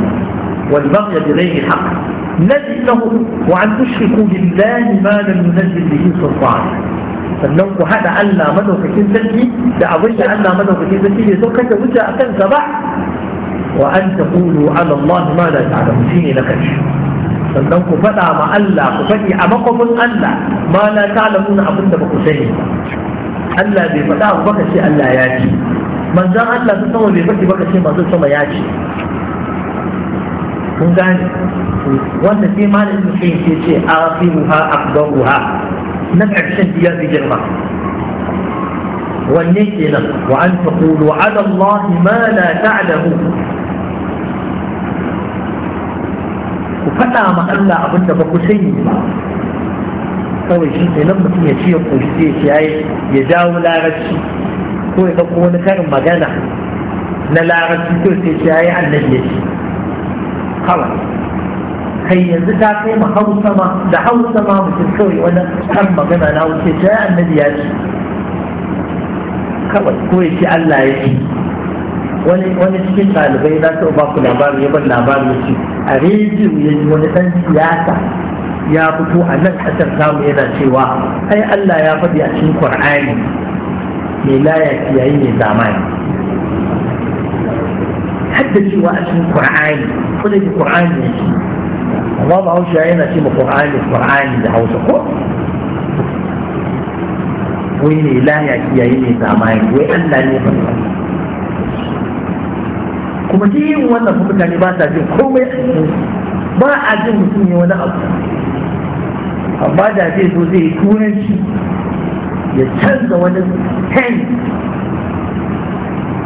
والبغي بغير حق نزلهم وان تشركوا بالله ما لم ينزل به سلطان فالنوك هذا ألا مدو في كل ذلك لا أبدا في كل ذلك يتوقع كبدا أتنك وأن تقولوا على الله ما لا تعلم فيني لك الشيء sannan ku faɗa ma Allah ku faɗi a makwafin Allah ma la ta'lamuna abin da ba ku sani Allah bai faɗa abu baka ce Allah ya ce manzon Allah ta sama bai faɗi baka ce manzon sama ya ce kun gane wanda sai malam ibn Qayyim sai ce aqiruha aqdaruha na ƙarshen biyar da girma wanne kenan wa an taqulu ala Allah ma la ta'lamu ku faɗa ma Allah abin da ba ku sani ba kawai shi sai nan mutum ya ce ya koshi zai ce ai ya jawo larabci ko ya ɗauko wani karin magana na larabci ko sai ce ai annabi ya ce kawai kai yanzu ta kai ma hausa ma da hausa ma mutum kawai wani karin magana na wuce ce ai annabi ya ce kawai ko ya ce Allah ya ce wani cikin ɗalibai za su ba ku labari ya ban labari ya ce a rediyo ya ji wani ɗan siyasa ya fito a nan ƙasar zamu yana cewa ai Allah ya faɗi a cikin Qur'ani mai laya kiyayi mai zamani hadda cewa a cikin Qur'ani ko da ke Qur'ani ne shi amma ba hausa yana ce ma Qur'ani Qur'ani da Hausa ko wai mai laya kiyayi mai zamani wai Allah ne ba kuma duk yin wannan fa mutane ba sa jin komai ba a jin mutum ne wani abu amma da zai zo zai turanci ya canza wani ten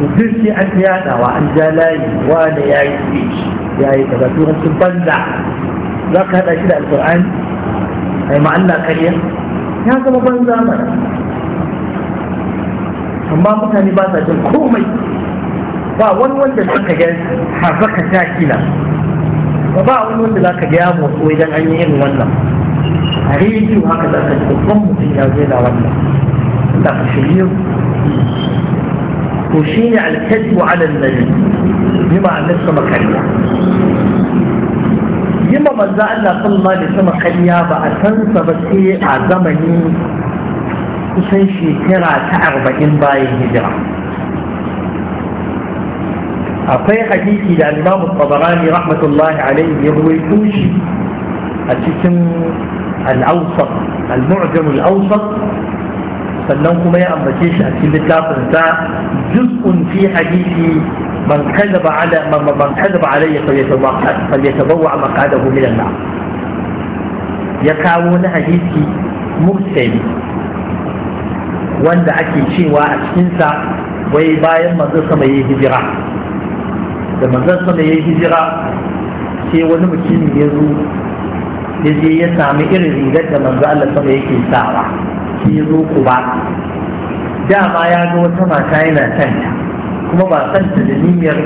duk sai an ta yadawa an ja layi wanda ya yi speech ya yi daga turancin banza za ka haɗa shi da alƙur'ani ai ma Allah ƙarya ya zama banza mana amma mutane ba sa jin komai ba wani wanda za ka ga harzaka ta kila ba wani wanda za ka ga ya motso idan an yi yin wannan a rediyo haka za ka ji babban mutum ya zai da wannan da ka shirya to shi ne wa alal nabi yi ma annabi sama karya yi ma manzo Allah sallallahu alaihi sama karya ba a san sa ba sai a zamani kusan shekara ta arba'in bayan hijira في حديث إلى الإمام الطبراني رحمة الله عليه يروي كوشي الجسم الأوسط المعجم الأوسط فلنكم يا أما جيش أكل جزء في حديثي من كذب على من كذب علي فليتبوع مقعده من النار يكاون حديثي مرسل وان أكيد شيء واحد إنسى ويبايع مدرسة ضخمه هجرة da manzan sama ya yi hijira sai wani mutum ya zo ya je ya sami irin rigar da manza Allah sama yake sawa sai ya zo ku Da dama ya ga wata mata yana santa kuma ba santa da niyyar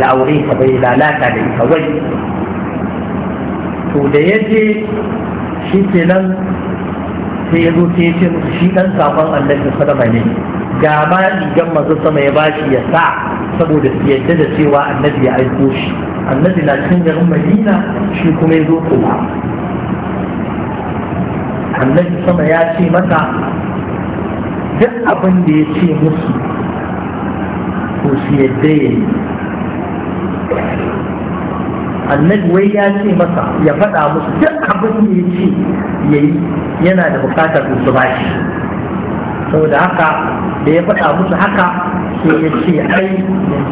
ya aure ka bai lalata da ita wai to da ya je shi nan, sai ya zo sai ya ce mutu, shi ɗan sabon Allah sallama ne ga ma rigar manzo sama ya bashi ya sa saboda yadda da cewa annabi ya aiko shi annabi na cikin garin madina shi kuma ya zo kuma annabi sama ya ce mata duk abin da ya ce musu ko su yadda ya yi annabi wai ya ce masa ya faɗa musu duk abin da ya ce ya yi yana da bukatar su ba shi saboda haka da ya faɗa musu haka Sai ya ce ai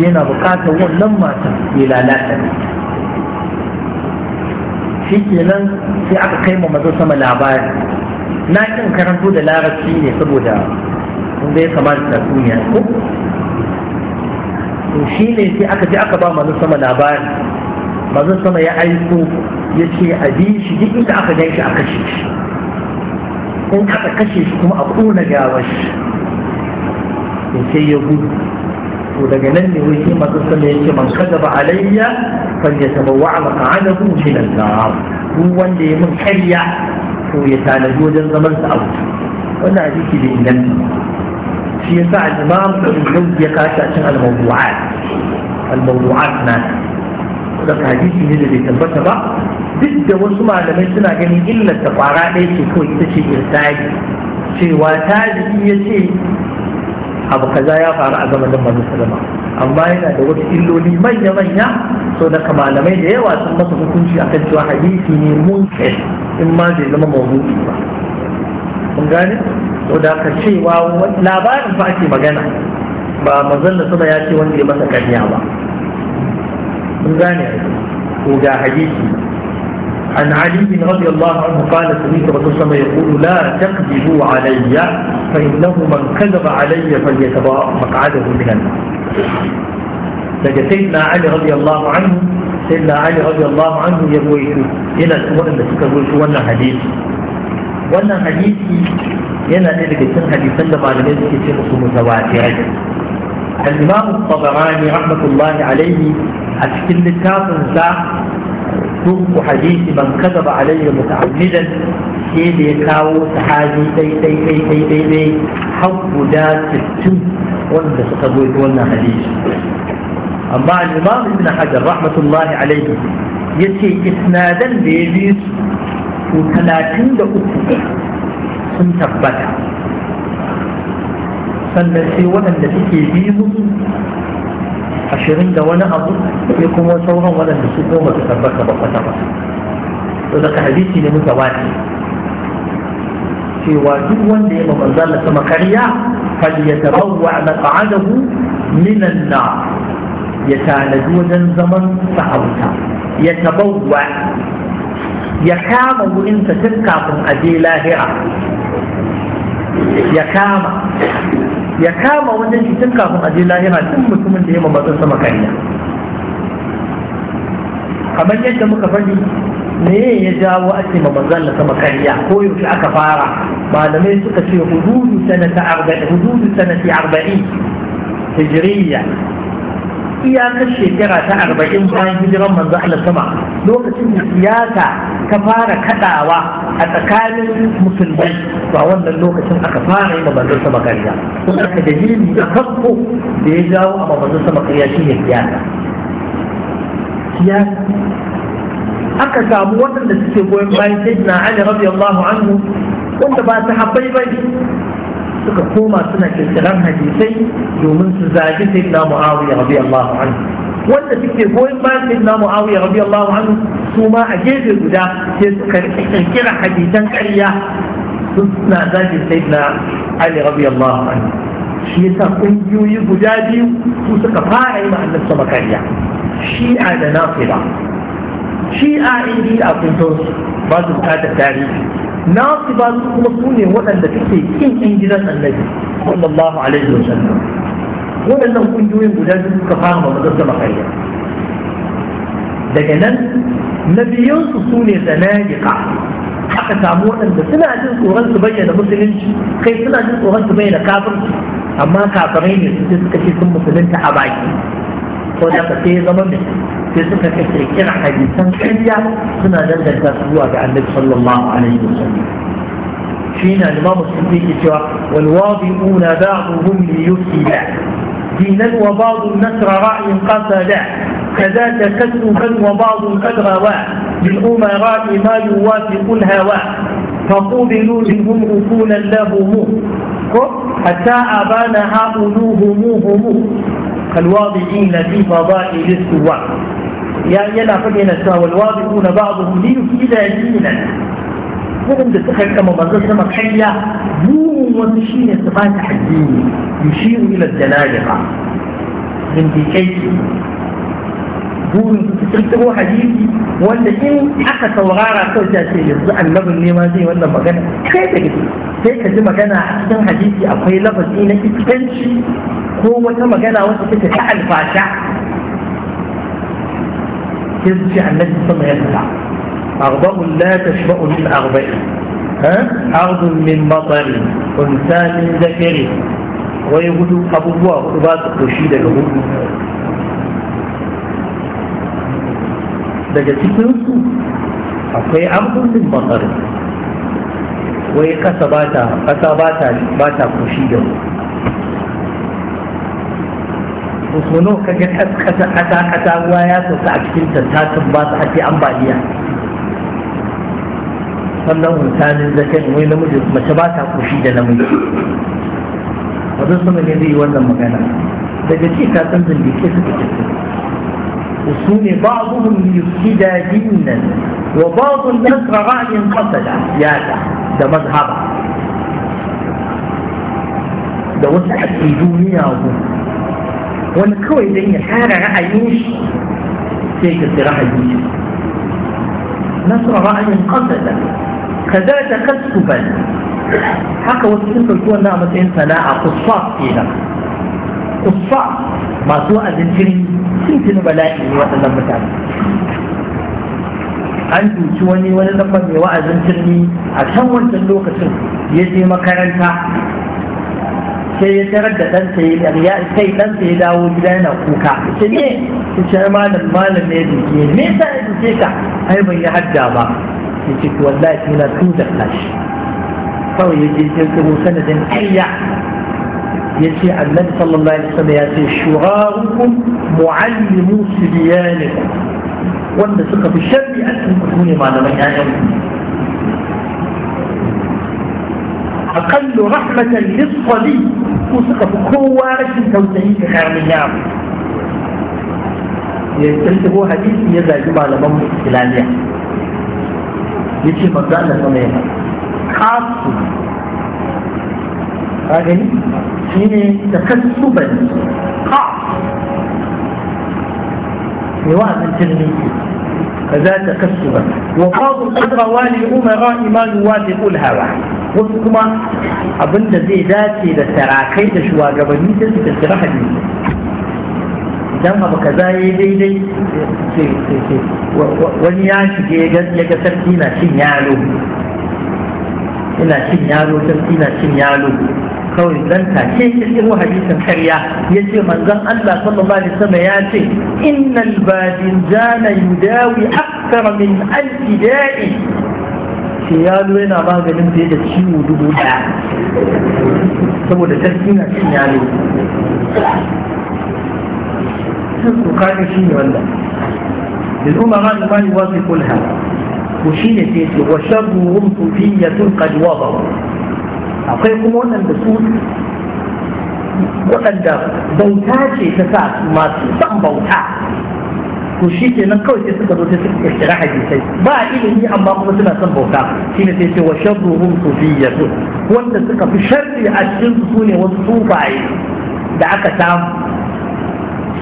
yana bukatar wannan matan ya lalata shi kenan sai aka kai ma mazo sama labari na kin karanto da larabci ne saboda in ya kamata ta duniya ko to shi ne sai aka je aka ba mazo sama labari mazo sama ya aiko ya ce a bi shi duk inda aka gan shi a kashe shi in aka kashe shi kuma a ƙona gawar shi to sai ya gudu to daga nan ne wai sai masu sama ya ce man kadaba alayya fal yatabawwa maq'adahu min an-nar duk wanda ya min karya to ya tanadi wajen zaman sa a wuta wannan hadisi da inganta shi yasa al-imam ibn jawzi ya kashi a cikin al-mawdu'at al-mawdu'at na da hadisi ne da bai tabbata ba duk da wasu malamai suna ganin illar ta kwara ɗaya ce kawai ita ce irtaki cewa ta ya ce abu kaza ya faru a zamanin manzo sallama amma yana da wasu illoli manya manya so da malamai da yawa sun masa hukunci akan cewa hadisi ne munkar in ma zai zama mawdu'i ba kun gane so da ka cewa labarin fa ake magana ba mazalla na sama ya ce wanda ya masa karya ba kun gane ko ga hadisi عن علي بن رضي الله عنه قال سمعت رسول الله يقول لا تكذبوا علي فانه من كذب علي فليتبع مقعده من النار سيدنا علي رضي الله عنه سيدنا علي رضي الله عنه يروي الى سوان التي وانا حديث وانا حديث ينا ذلك السن حديث سنة بعد ذلك في رسوم متواتر الإمام الطبراني رحمة الله عليه أشكل كافر ساق duk hadisi man kadaba alayya muta'ammidan ke da ya kawo sahabi dai dai dai dai har guda 60 wanda suka zo wannan hadisi amma al-imam ibn hajar rahmatullahi alayhi yace isnadan da ya bi su 33 sun tabbata sannan sai waɗanda suke bi ashirin da wani abu sai kuma sauran waɗanda su goma su tabbata ba kwata ba to daga hadisi ne muka wani cewa duk wanda ya mamanza da sama karya falyatabawwa maq'adahu min an-nar ya tanadi wajen zaman sa'auta ya tabawwa ya kama wurinsa duk kafin a je lahira ya kama ya kama wajen shi tun kafin aje lahira tun mutumin da ya mamatsa sama kariya kamar yadda muka faɗi me ya jawo ake mamatsa na sama kariya ko yaushe aka fara malamai suka ce hududu sanata arba'in iyakar shekara ta arba'in bayan hijiran manzo Allah sama lokacin da siyasa ta fara kadawa a tsakanin musulmai ba wannan lokacin aka fara yi manzo sama kariya to aka dalili da farko da ya jawo a manzo sama kariya shine siyasa siyasa aka samu waɗanda suke goyon bayan sayyidina Ali radiyallahu anhu wanda ba sahabbai bane suka koma suna kirkirar hadisai domin su zagi sai na mu'awiyar rabi Allahu anhu wanda suke goyon bayan sai na mu'awiyar rabi Allahu anhu su ma a gefe guda sai suka kirkira hadisan ƙarya suna zagi sai na Ali rabi Allahu anhu shi yasa ƙungiyoyi guda biyu su suka fara yi ma'annar sama ƙarya shi'a da nafira shi'a indi a kuntonsu ba su bukatar tarihi ناقبات كما سوني وأن تكي كين إنجلا النبي صلى الله عليه وسلم وأن نكون يوم بلاد كفار مدرسة مخير daga nan nabiyansu su ne zanadiƙa aka samu waɗanda suna jin tsoron su bayyana musulunci kai suna jin tsoron su bayyana kafirci amma kafirai ne su suka ce sun musulunta a baki ko da ka sai zama mai sai suka kake kira hadisan kariya suna danganta su zuwa ga annabi sallallahu alaihi wasallam shine al-imamu sunni ke cewa wal wadi'una ba'dhum li yufsida دينا وبعض النصر راعي قصدا كذاك كسبا وبعض قد غوى للأمراء ما يوافق الهوى فقبلوا منهم أكولا لهم حتى أبان هؤلاء هموهم كالواضعين في فضائل السواء يا يعني يلا فجينا ساوى الواضحون بعضهم دين إلى دينا ومن دخل كما مزلت مرحية مو مشين استفاد حديني يشير إلى الزلاجة من دي كيف بون تكتبوا حديثي ولا إن أخذ وغارة كوتا سيد الزعن لبن نيمازي ولا مغانا كيف تكتب كيف تكتب مغانا حسن حديثي أخي لبن إينا إتكنشي هو مغانا وانت تتعلم فاشا يرجع النبي صلى الله عليه وسلم لا تشبع من ها؟ أرض من مطر أنثى من ذكر ويقول أبو الله أبات رشيد الهدو daga cikinsu akwai arzikin matsari wai kasa ba ta kushi da mu sono kaga kasa kasa kasa ruwa ya sauka a cikin ta ta tabbata ake ambaliya sannan mutanen zakan wai namiji mace ba ta koshi da namiji wajen sama ne zai yi wannan magana daga ce ka san zindike suka ce su ne ba zuhun yusida dinnan wa ba zuhun nasra ra'ayin kasada siyasa da mazhaba da wasu ake duniya gudu wani kawai don ya kare ra'ayin shi sai ka fi ra'ayin shi nasu ra'ayin kasada kaza ta kasuban haka wasu sun ɗauki wannan a matsayin sana'a kusa kenan kusa masu wa'azin jirgi sun tuni bala'i ne waɗannan mutane an cuci wani wani lambar mai wa'azin turmi a can wancan lokacin ya je makaranta sai ya tarar da ɗansa ya ya kai ɗansa ya dawo gida yana kuka ce ne ya ce malam malam ne duke me yasa ya duke ka ai ban yi hadda ba ya ce to wallahi sai na tuta kashi kawai ya je ya kiro sanadin ayya ya ce annabi sallallahu alaihi wasallam ya ce shurarukum muallimu sibiyanikum wanda suka fi sharri a cikin ku ne malaman ƴaƴanku أقل رحمة للصبي su suka fi kowa rashin tausayi ga karnin yaro ya kirkiro hadisi ya zagi malaman islamiyya ya ce manzo Allah sama ya kasu ka gani shi ne takassuban ka mai wa'azin tirmidhi فذا تكسبا وقاضوا القدر والي امراء ما يوافق الهوى wasu kuma abin da zai dace da sarakai da shugabanni sai su kirkira hadisi idan abu kaza ya yi daidai wani ya shige ya ga sarki na cin yalo ina cin yalo sarki na cin yalo kawai zan take kirkiro hadisin karya ya ce manzon Allah sallallahu alaihi wasallam ya ce innal badin jana yudawi akthar min alfida'i ce yalo yana maganin fiye da ciwo dubu daya saboda sarki na cin yalo sun kaga shi ne ce للأمراء ما يوافقونها وشين فيه ya صوفية wa ba akwai kuma waɗanda su waɗanda bauta ce ta sa masu ban bauta to shi kenan kawai sai suka zo sai suka kirkira hadisai ba ilimi amma kuma suna son bauta shine sai ce wa sharruhum sufiyyatu wanda suka fi sharri a cikin su sune wasu sufaye da aka samu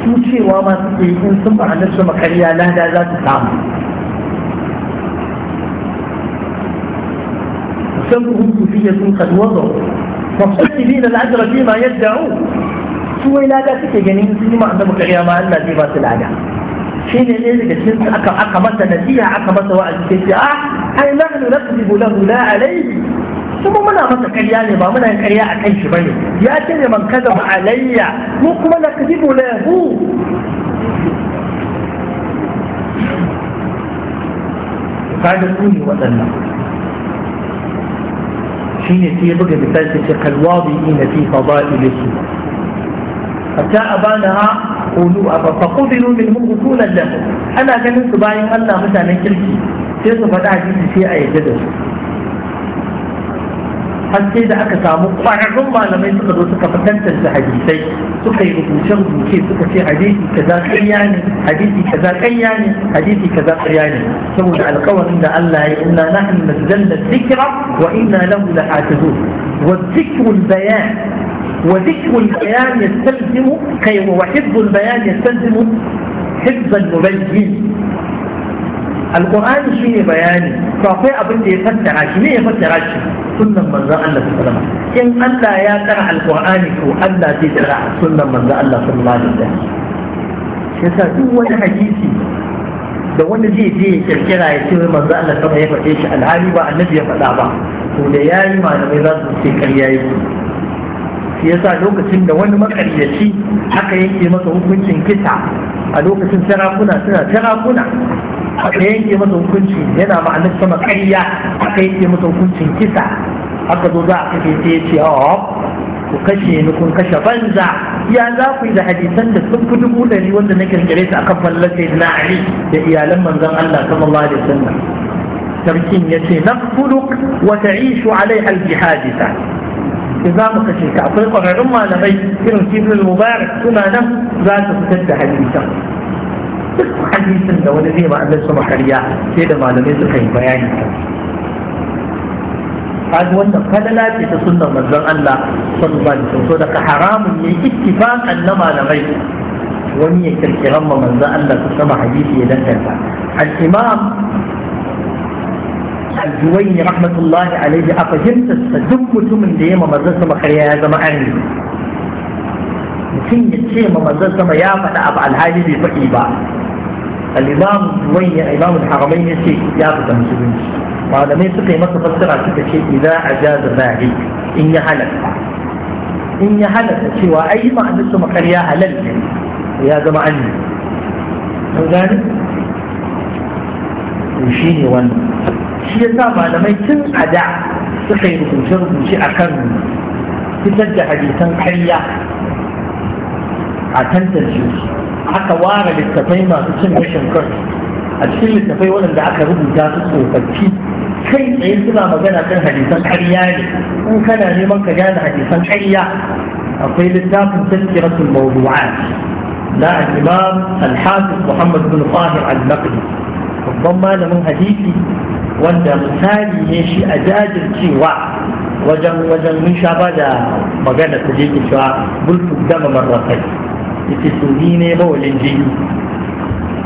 su cewa ma suke in sun ba annabi sama kariya lada za su samu sharruhum sufiyyatu qad wadaw مبتدئين الأجر فيما يدعون سوى لا تتجنين سيما أنت مكريا ما أن لا تباس الأجر حين ذلك الشمس عقبت نسيها عقبت وأزكتها آه، أي نحن نكذب له لا عليه ثم من أمت كريان ما من كريان أكي شبه يأتي من كذب علي وكما نكذب له بعد كل وطن حين في بقى بثالثة قلواضي إن في فضائل السوء حتى أبانها قولوا أبا فقدروا منهم قولا لهم أنا جنون سبعين الله مثلا كلكي كيف فدع جيسي في أي جدو هل سيدا أكتامو قوان عظم لما يتقدوا سكا فتنسل في حديثي سكا يبقوا شغل وكي سكا حديثي كذا كرياني حديثي كذا كرياني حديثي كذا كرياني سمود على قوان إن الله إنا نحن نزلنا الذكرى وإنا له لحاتذون والذكر البيان وذكر البيان يستلزم خير وحفظ البيان يستلزم حفظ المبين القرآن شيء بياني فأقول أبن يفتح شيء ليه يفتح شيء سنة من ذا الله صلى الله عليه إن ألا يا ترى القرآن كو ألا تترى سنة من ذا الله صلى الله عليه وسلم yasa دو wani حديثي da wanda zai je ya kirkira ya ce manzo Allah sama ya faɗe shi alhali ba annabi ya faɗa ba to da yayi malamai za su ce yayi shi yasa lokacin da wani makaryaci aka yanke masa hukuncin kisa a lokacin sarakuna suna sarakuna aka yanke masa hukuncin, yana ma'anar sama karya aka yanke masa hukuncin kisa aka zo za a kashe ta ya ce oh, ku kashe ni kun kashe banza ya za ku yi da hadisan da sun fi dubu ɗari wanda na kirkire su akan fallar sayyidina ali da iyalan manzon Allah sallallahu alaihi wasallam sarkin ya ce nafsuluk wa ta'ishu alaiha al-jihadita da za mu kashe ka akwai ƙwararrun malamai irin ibn mubarak suna nan za fitar da hadisan duk hadisin da wani zai ma Allah sama karya sai da malamai suka yi bayani kaji wannan fadala ce ta sunnar manzon Allah sallallahu alaihi wasallam daga haramun ne ittifaqan na malamai wani ya kirkiran ma manzon Allah su sama hadisi ya danganta al-imam الجوين رحمة الله عليه أفهمت السدوك من دي ممزز ما خريا زما أني مكين يتشي ممزز ما يافة أفعل هذه دي فقيبا الإمام جوين إمام الحرمين يتشي يافة مزوين وعلى ما يسقي ما تفسر على كده شيء إذا أجاز الماهي إن يحلق إن يحلق سوى أي مهدس ما خريا هلل يا زما أني وذلك وشيني وانه shi ya sa malamai tun a da suka yi rubuce-rubuce a kan fitar da hadisan karya a tantance su aka ware littafai masu cin gashin kansu a cikin littafai waɗanda aka rubuta su tsofaffi kai tsaye suna magana kan hadisan karya ne in kana neman ka gane hadisan karya akwai littafin tazkiratul mawdu'at لا الإمام الحافظ محمد بن طاهر المقدي ربما لمن حديثي wanda misali ne shi a jajircewa wajen wajen mun sha ba da magana ta je cewa bulku dama marrafai ita su ni ne mawalin jini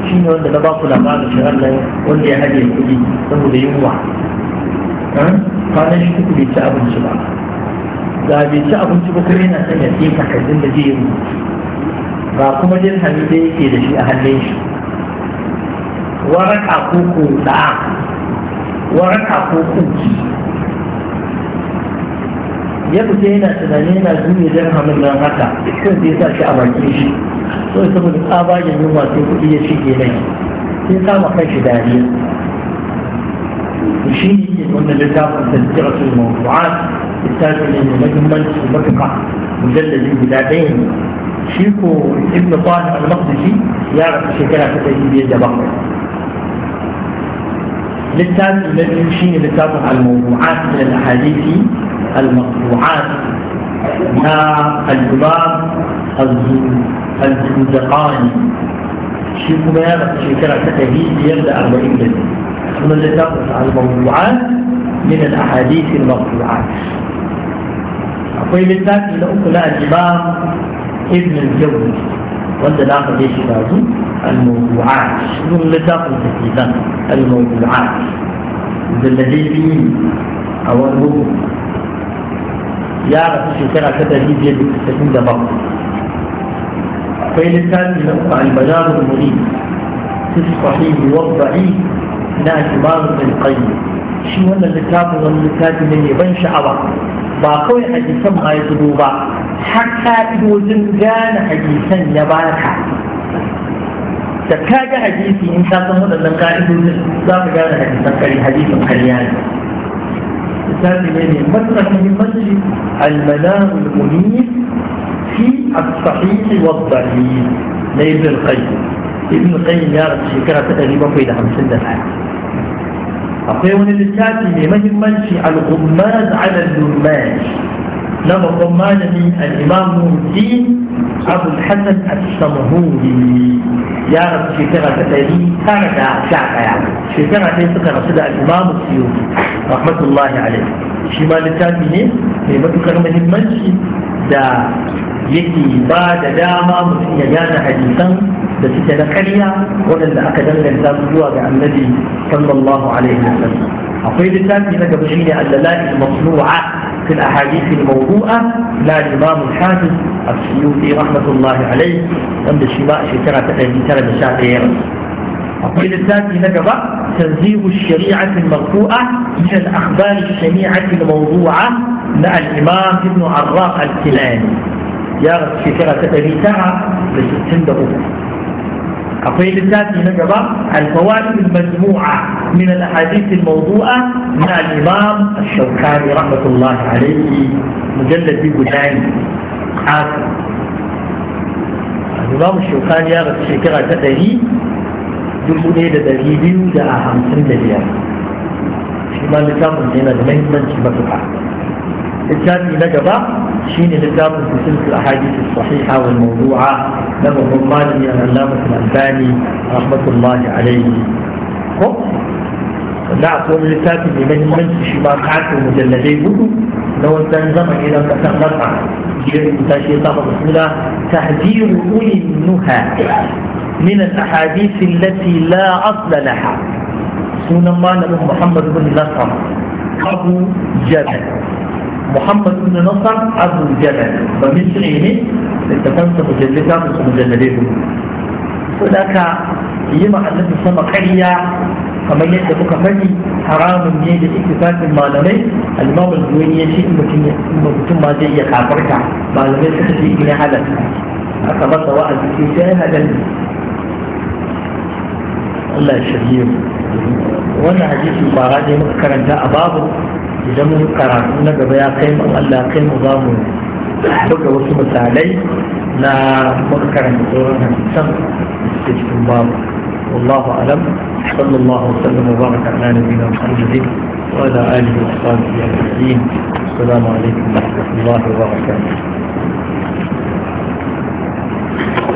shi ne wanda na ba ku labarin shi Allah wanda ya haɗe kuɗi saboda yunwa kwanan shi kuku bai ci abinci ba ga bai ci abinci ba kuma yana son ya ce takardun da zai yi ba kuma jin hannu da yake da shi a hannun shi waraka ko ko da'a waraka ko kunci ya yana tunani yana zuwa jan hamil nan haka kun sai sa shi a bakin shi so saboda tsabagen yin sai kuɗi ya shige nai sai kama kan shi dariya shi ne wannan littafin tantiratul mawdu'at littafin ne mai muhimmanci matuƙa mujallabi guda ɗaya ne shi ko ibnu kwana al-maqdisi ya rasu shekara ta ɗari biyar da bakwai للتاسع الذي شيء للتاسع الموضوعات من الأحاديث المطبوعات ها الإمام الزندقاني شيء كما يرى شيء كرة تهيد يبدأ أربعين بس من للتاسع الموضوعات من الأحاديث المطبوعات أقول للتاسع الأخرى الإمام ابن الجوزي والتداخل في شباب الموضوعات شنو التداخل في الموضوعات الذي فيه او الوضوء يعرف شو كان كذا في جيب تكون دباب فإن كان يوقع البلاغ المريد في الصحيح والضعيف لا اعتبار للقيم شو هذا اللي كان من يبنش على ba kawai hadisan ma ya zubo ba har ka'idojin gane hadisan ya baka da ka ga hadisi in ka san waɗannan ka'idojin za ka gane hadisan kari hadisin kariya ne misali ne ne matuƙar muhimmanci almanamu munif fi as-sahih wa ad-dalil na ibn qayyim ibn qayyim ya rasu shekara ta 751 akwai wani littafi mai mahimmanci al-ummaz ala lumaj na babban malami al-imam Muhyiddin Hassan al-Samhuri ya rasu shekara ta ɗari tara da sha ɗaya shekara ɗaya suka rasu da alimamu imam rahmatullahi alaihi shi ma littafi ne mai matukar mahimmanci da yake ba da dama mutum ya gane hadisan da suke na karya waɗanda aka danganta su zuwa ga annabi sallallahu alaihi wasallam akwai littafi na gaba shine al-lalai al-masnu'a fi al-ahadith al-mawdu'a la imam al-hafiz as-suyuti rahmatullahi alaihi wanda shi ba a shekara ta 1911 أقول للذات نجبة تنزيه الشريعة المرفوعة من الأخبار الشنيعة الموضوعة مع الإمام ابن عراق الكيلاني ya rasu shekara ta ɗari tara da sittin da uku akwai littafi na gaba alfawa'id majmu'a min al-ahadith al-mawdu'a na al-imam ash-shawkani rahmatullah alayhi mujalladi guda ne al-imam ash-shawkani ya rasu shekara ta ɗari dubu ɗaya da ɗari biyu da hamsin da biyar shi ma littafin yana da mahimmanci matuƙa littafi na gaba شيء نتكلم في تلك الاحاديث الصحيحه والموضوعه لما الرمادي العلامه الالباني رحمه الله عليه. خب؟ لا قول الكاتب من من شباب حتى المجلدين بدو لو انت نظام الى مثلا تحذير اولي النهى من الاحاديث التي لا اصل لها سنن الله محمد بن نصر ابو جبل محمد بن نصر عبد الجبل ومن سعيني التفاصيل مجلدة مجلدين هناك يما أن تسمى قرية كما يتبقى فني حرام من يجي اكتفاق المعلمين الإمام الزويني يشيء مكتوم ما جاي يقابرك معلمين تخذي إلى هذا أقبط واحد في شيء هذا الله الشهير وانا حديث المباراة دي جاء بابه idan mun karatu na gaba ya kai mu Allah ya kai mu za mu duka wasu misalai na muka karanta sauran hadisan da cikin babu والله أعلم صلى الله وسلم وبارك على نبينا محمد وعلى آله وأصحابه أجمعين السلام عليكم ورحمة الله وبركاته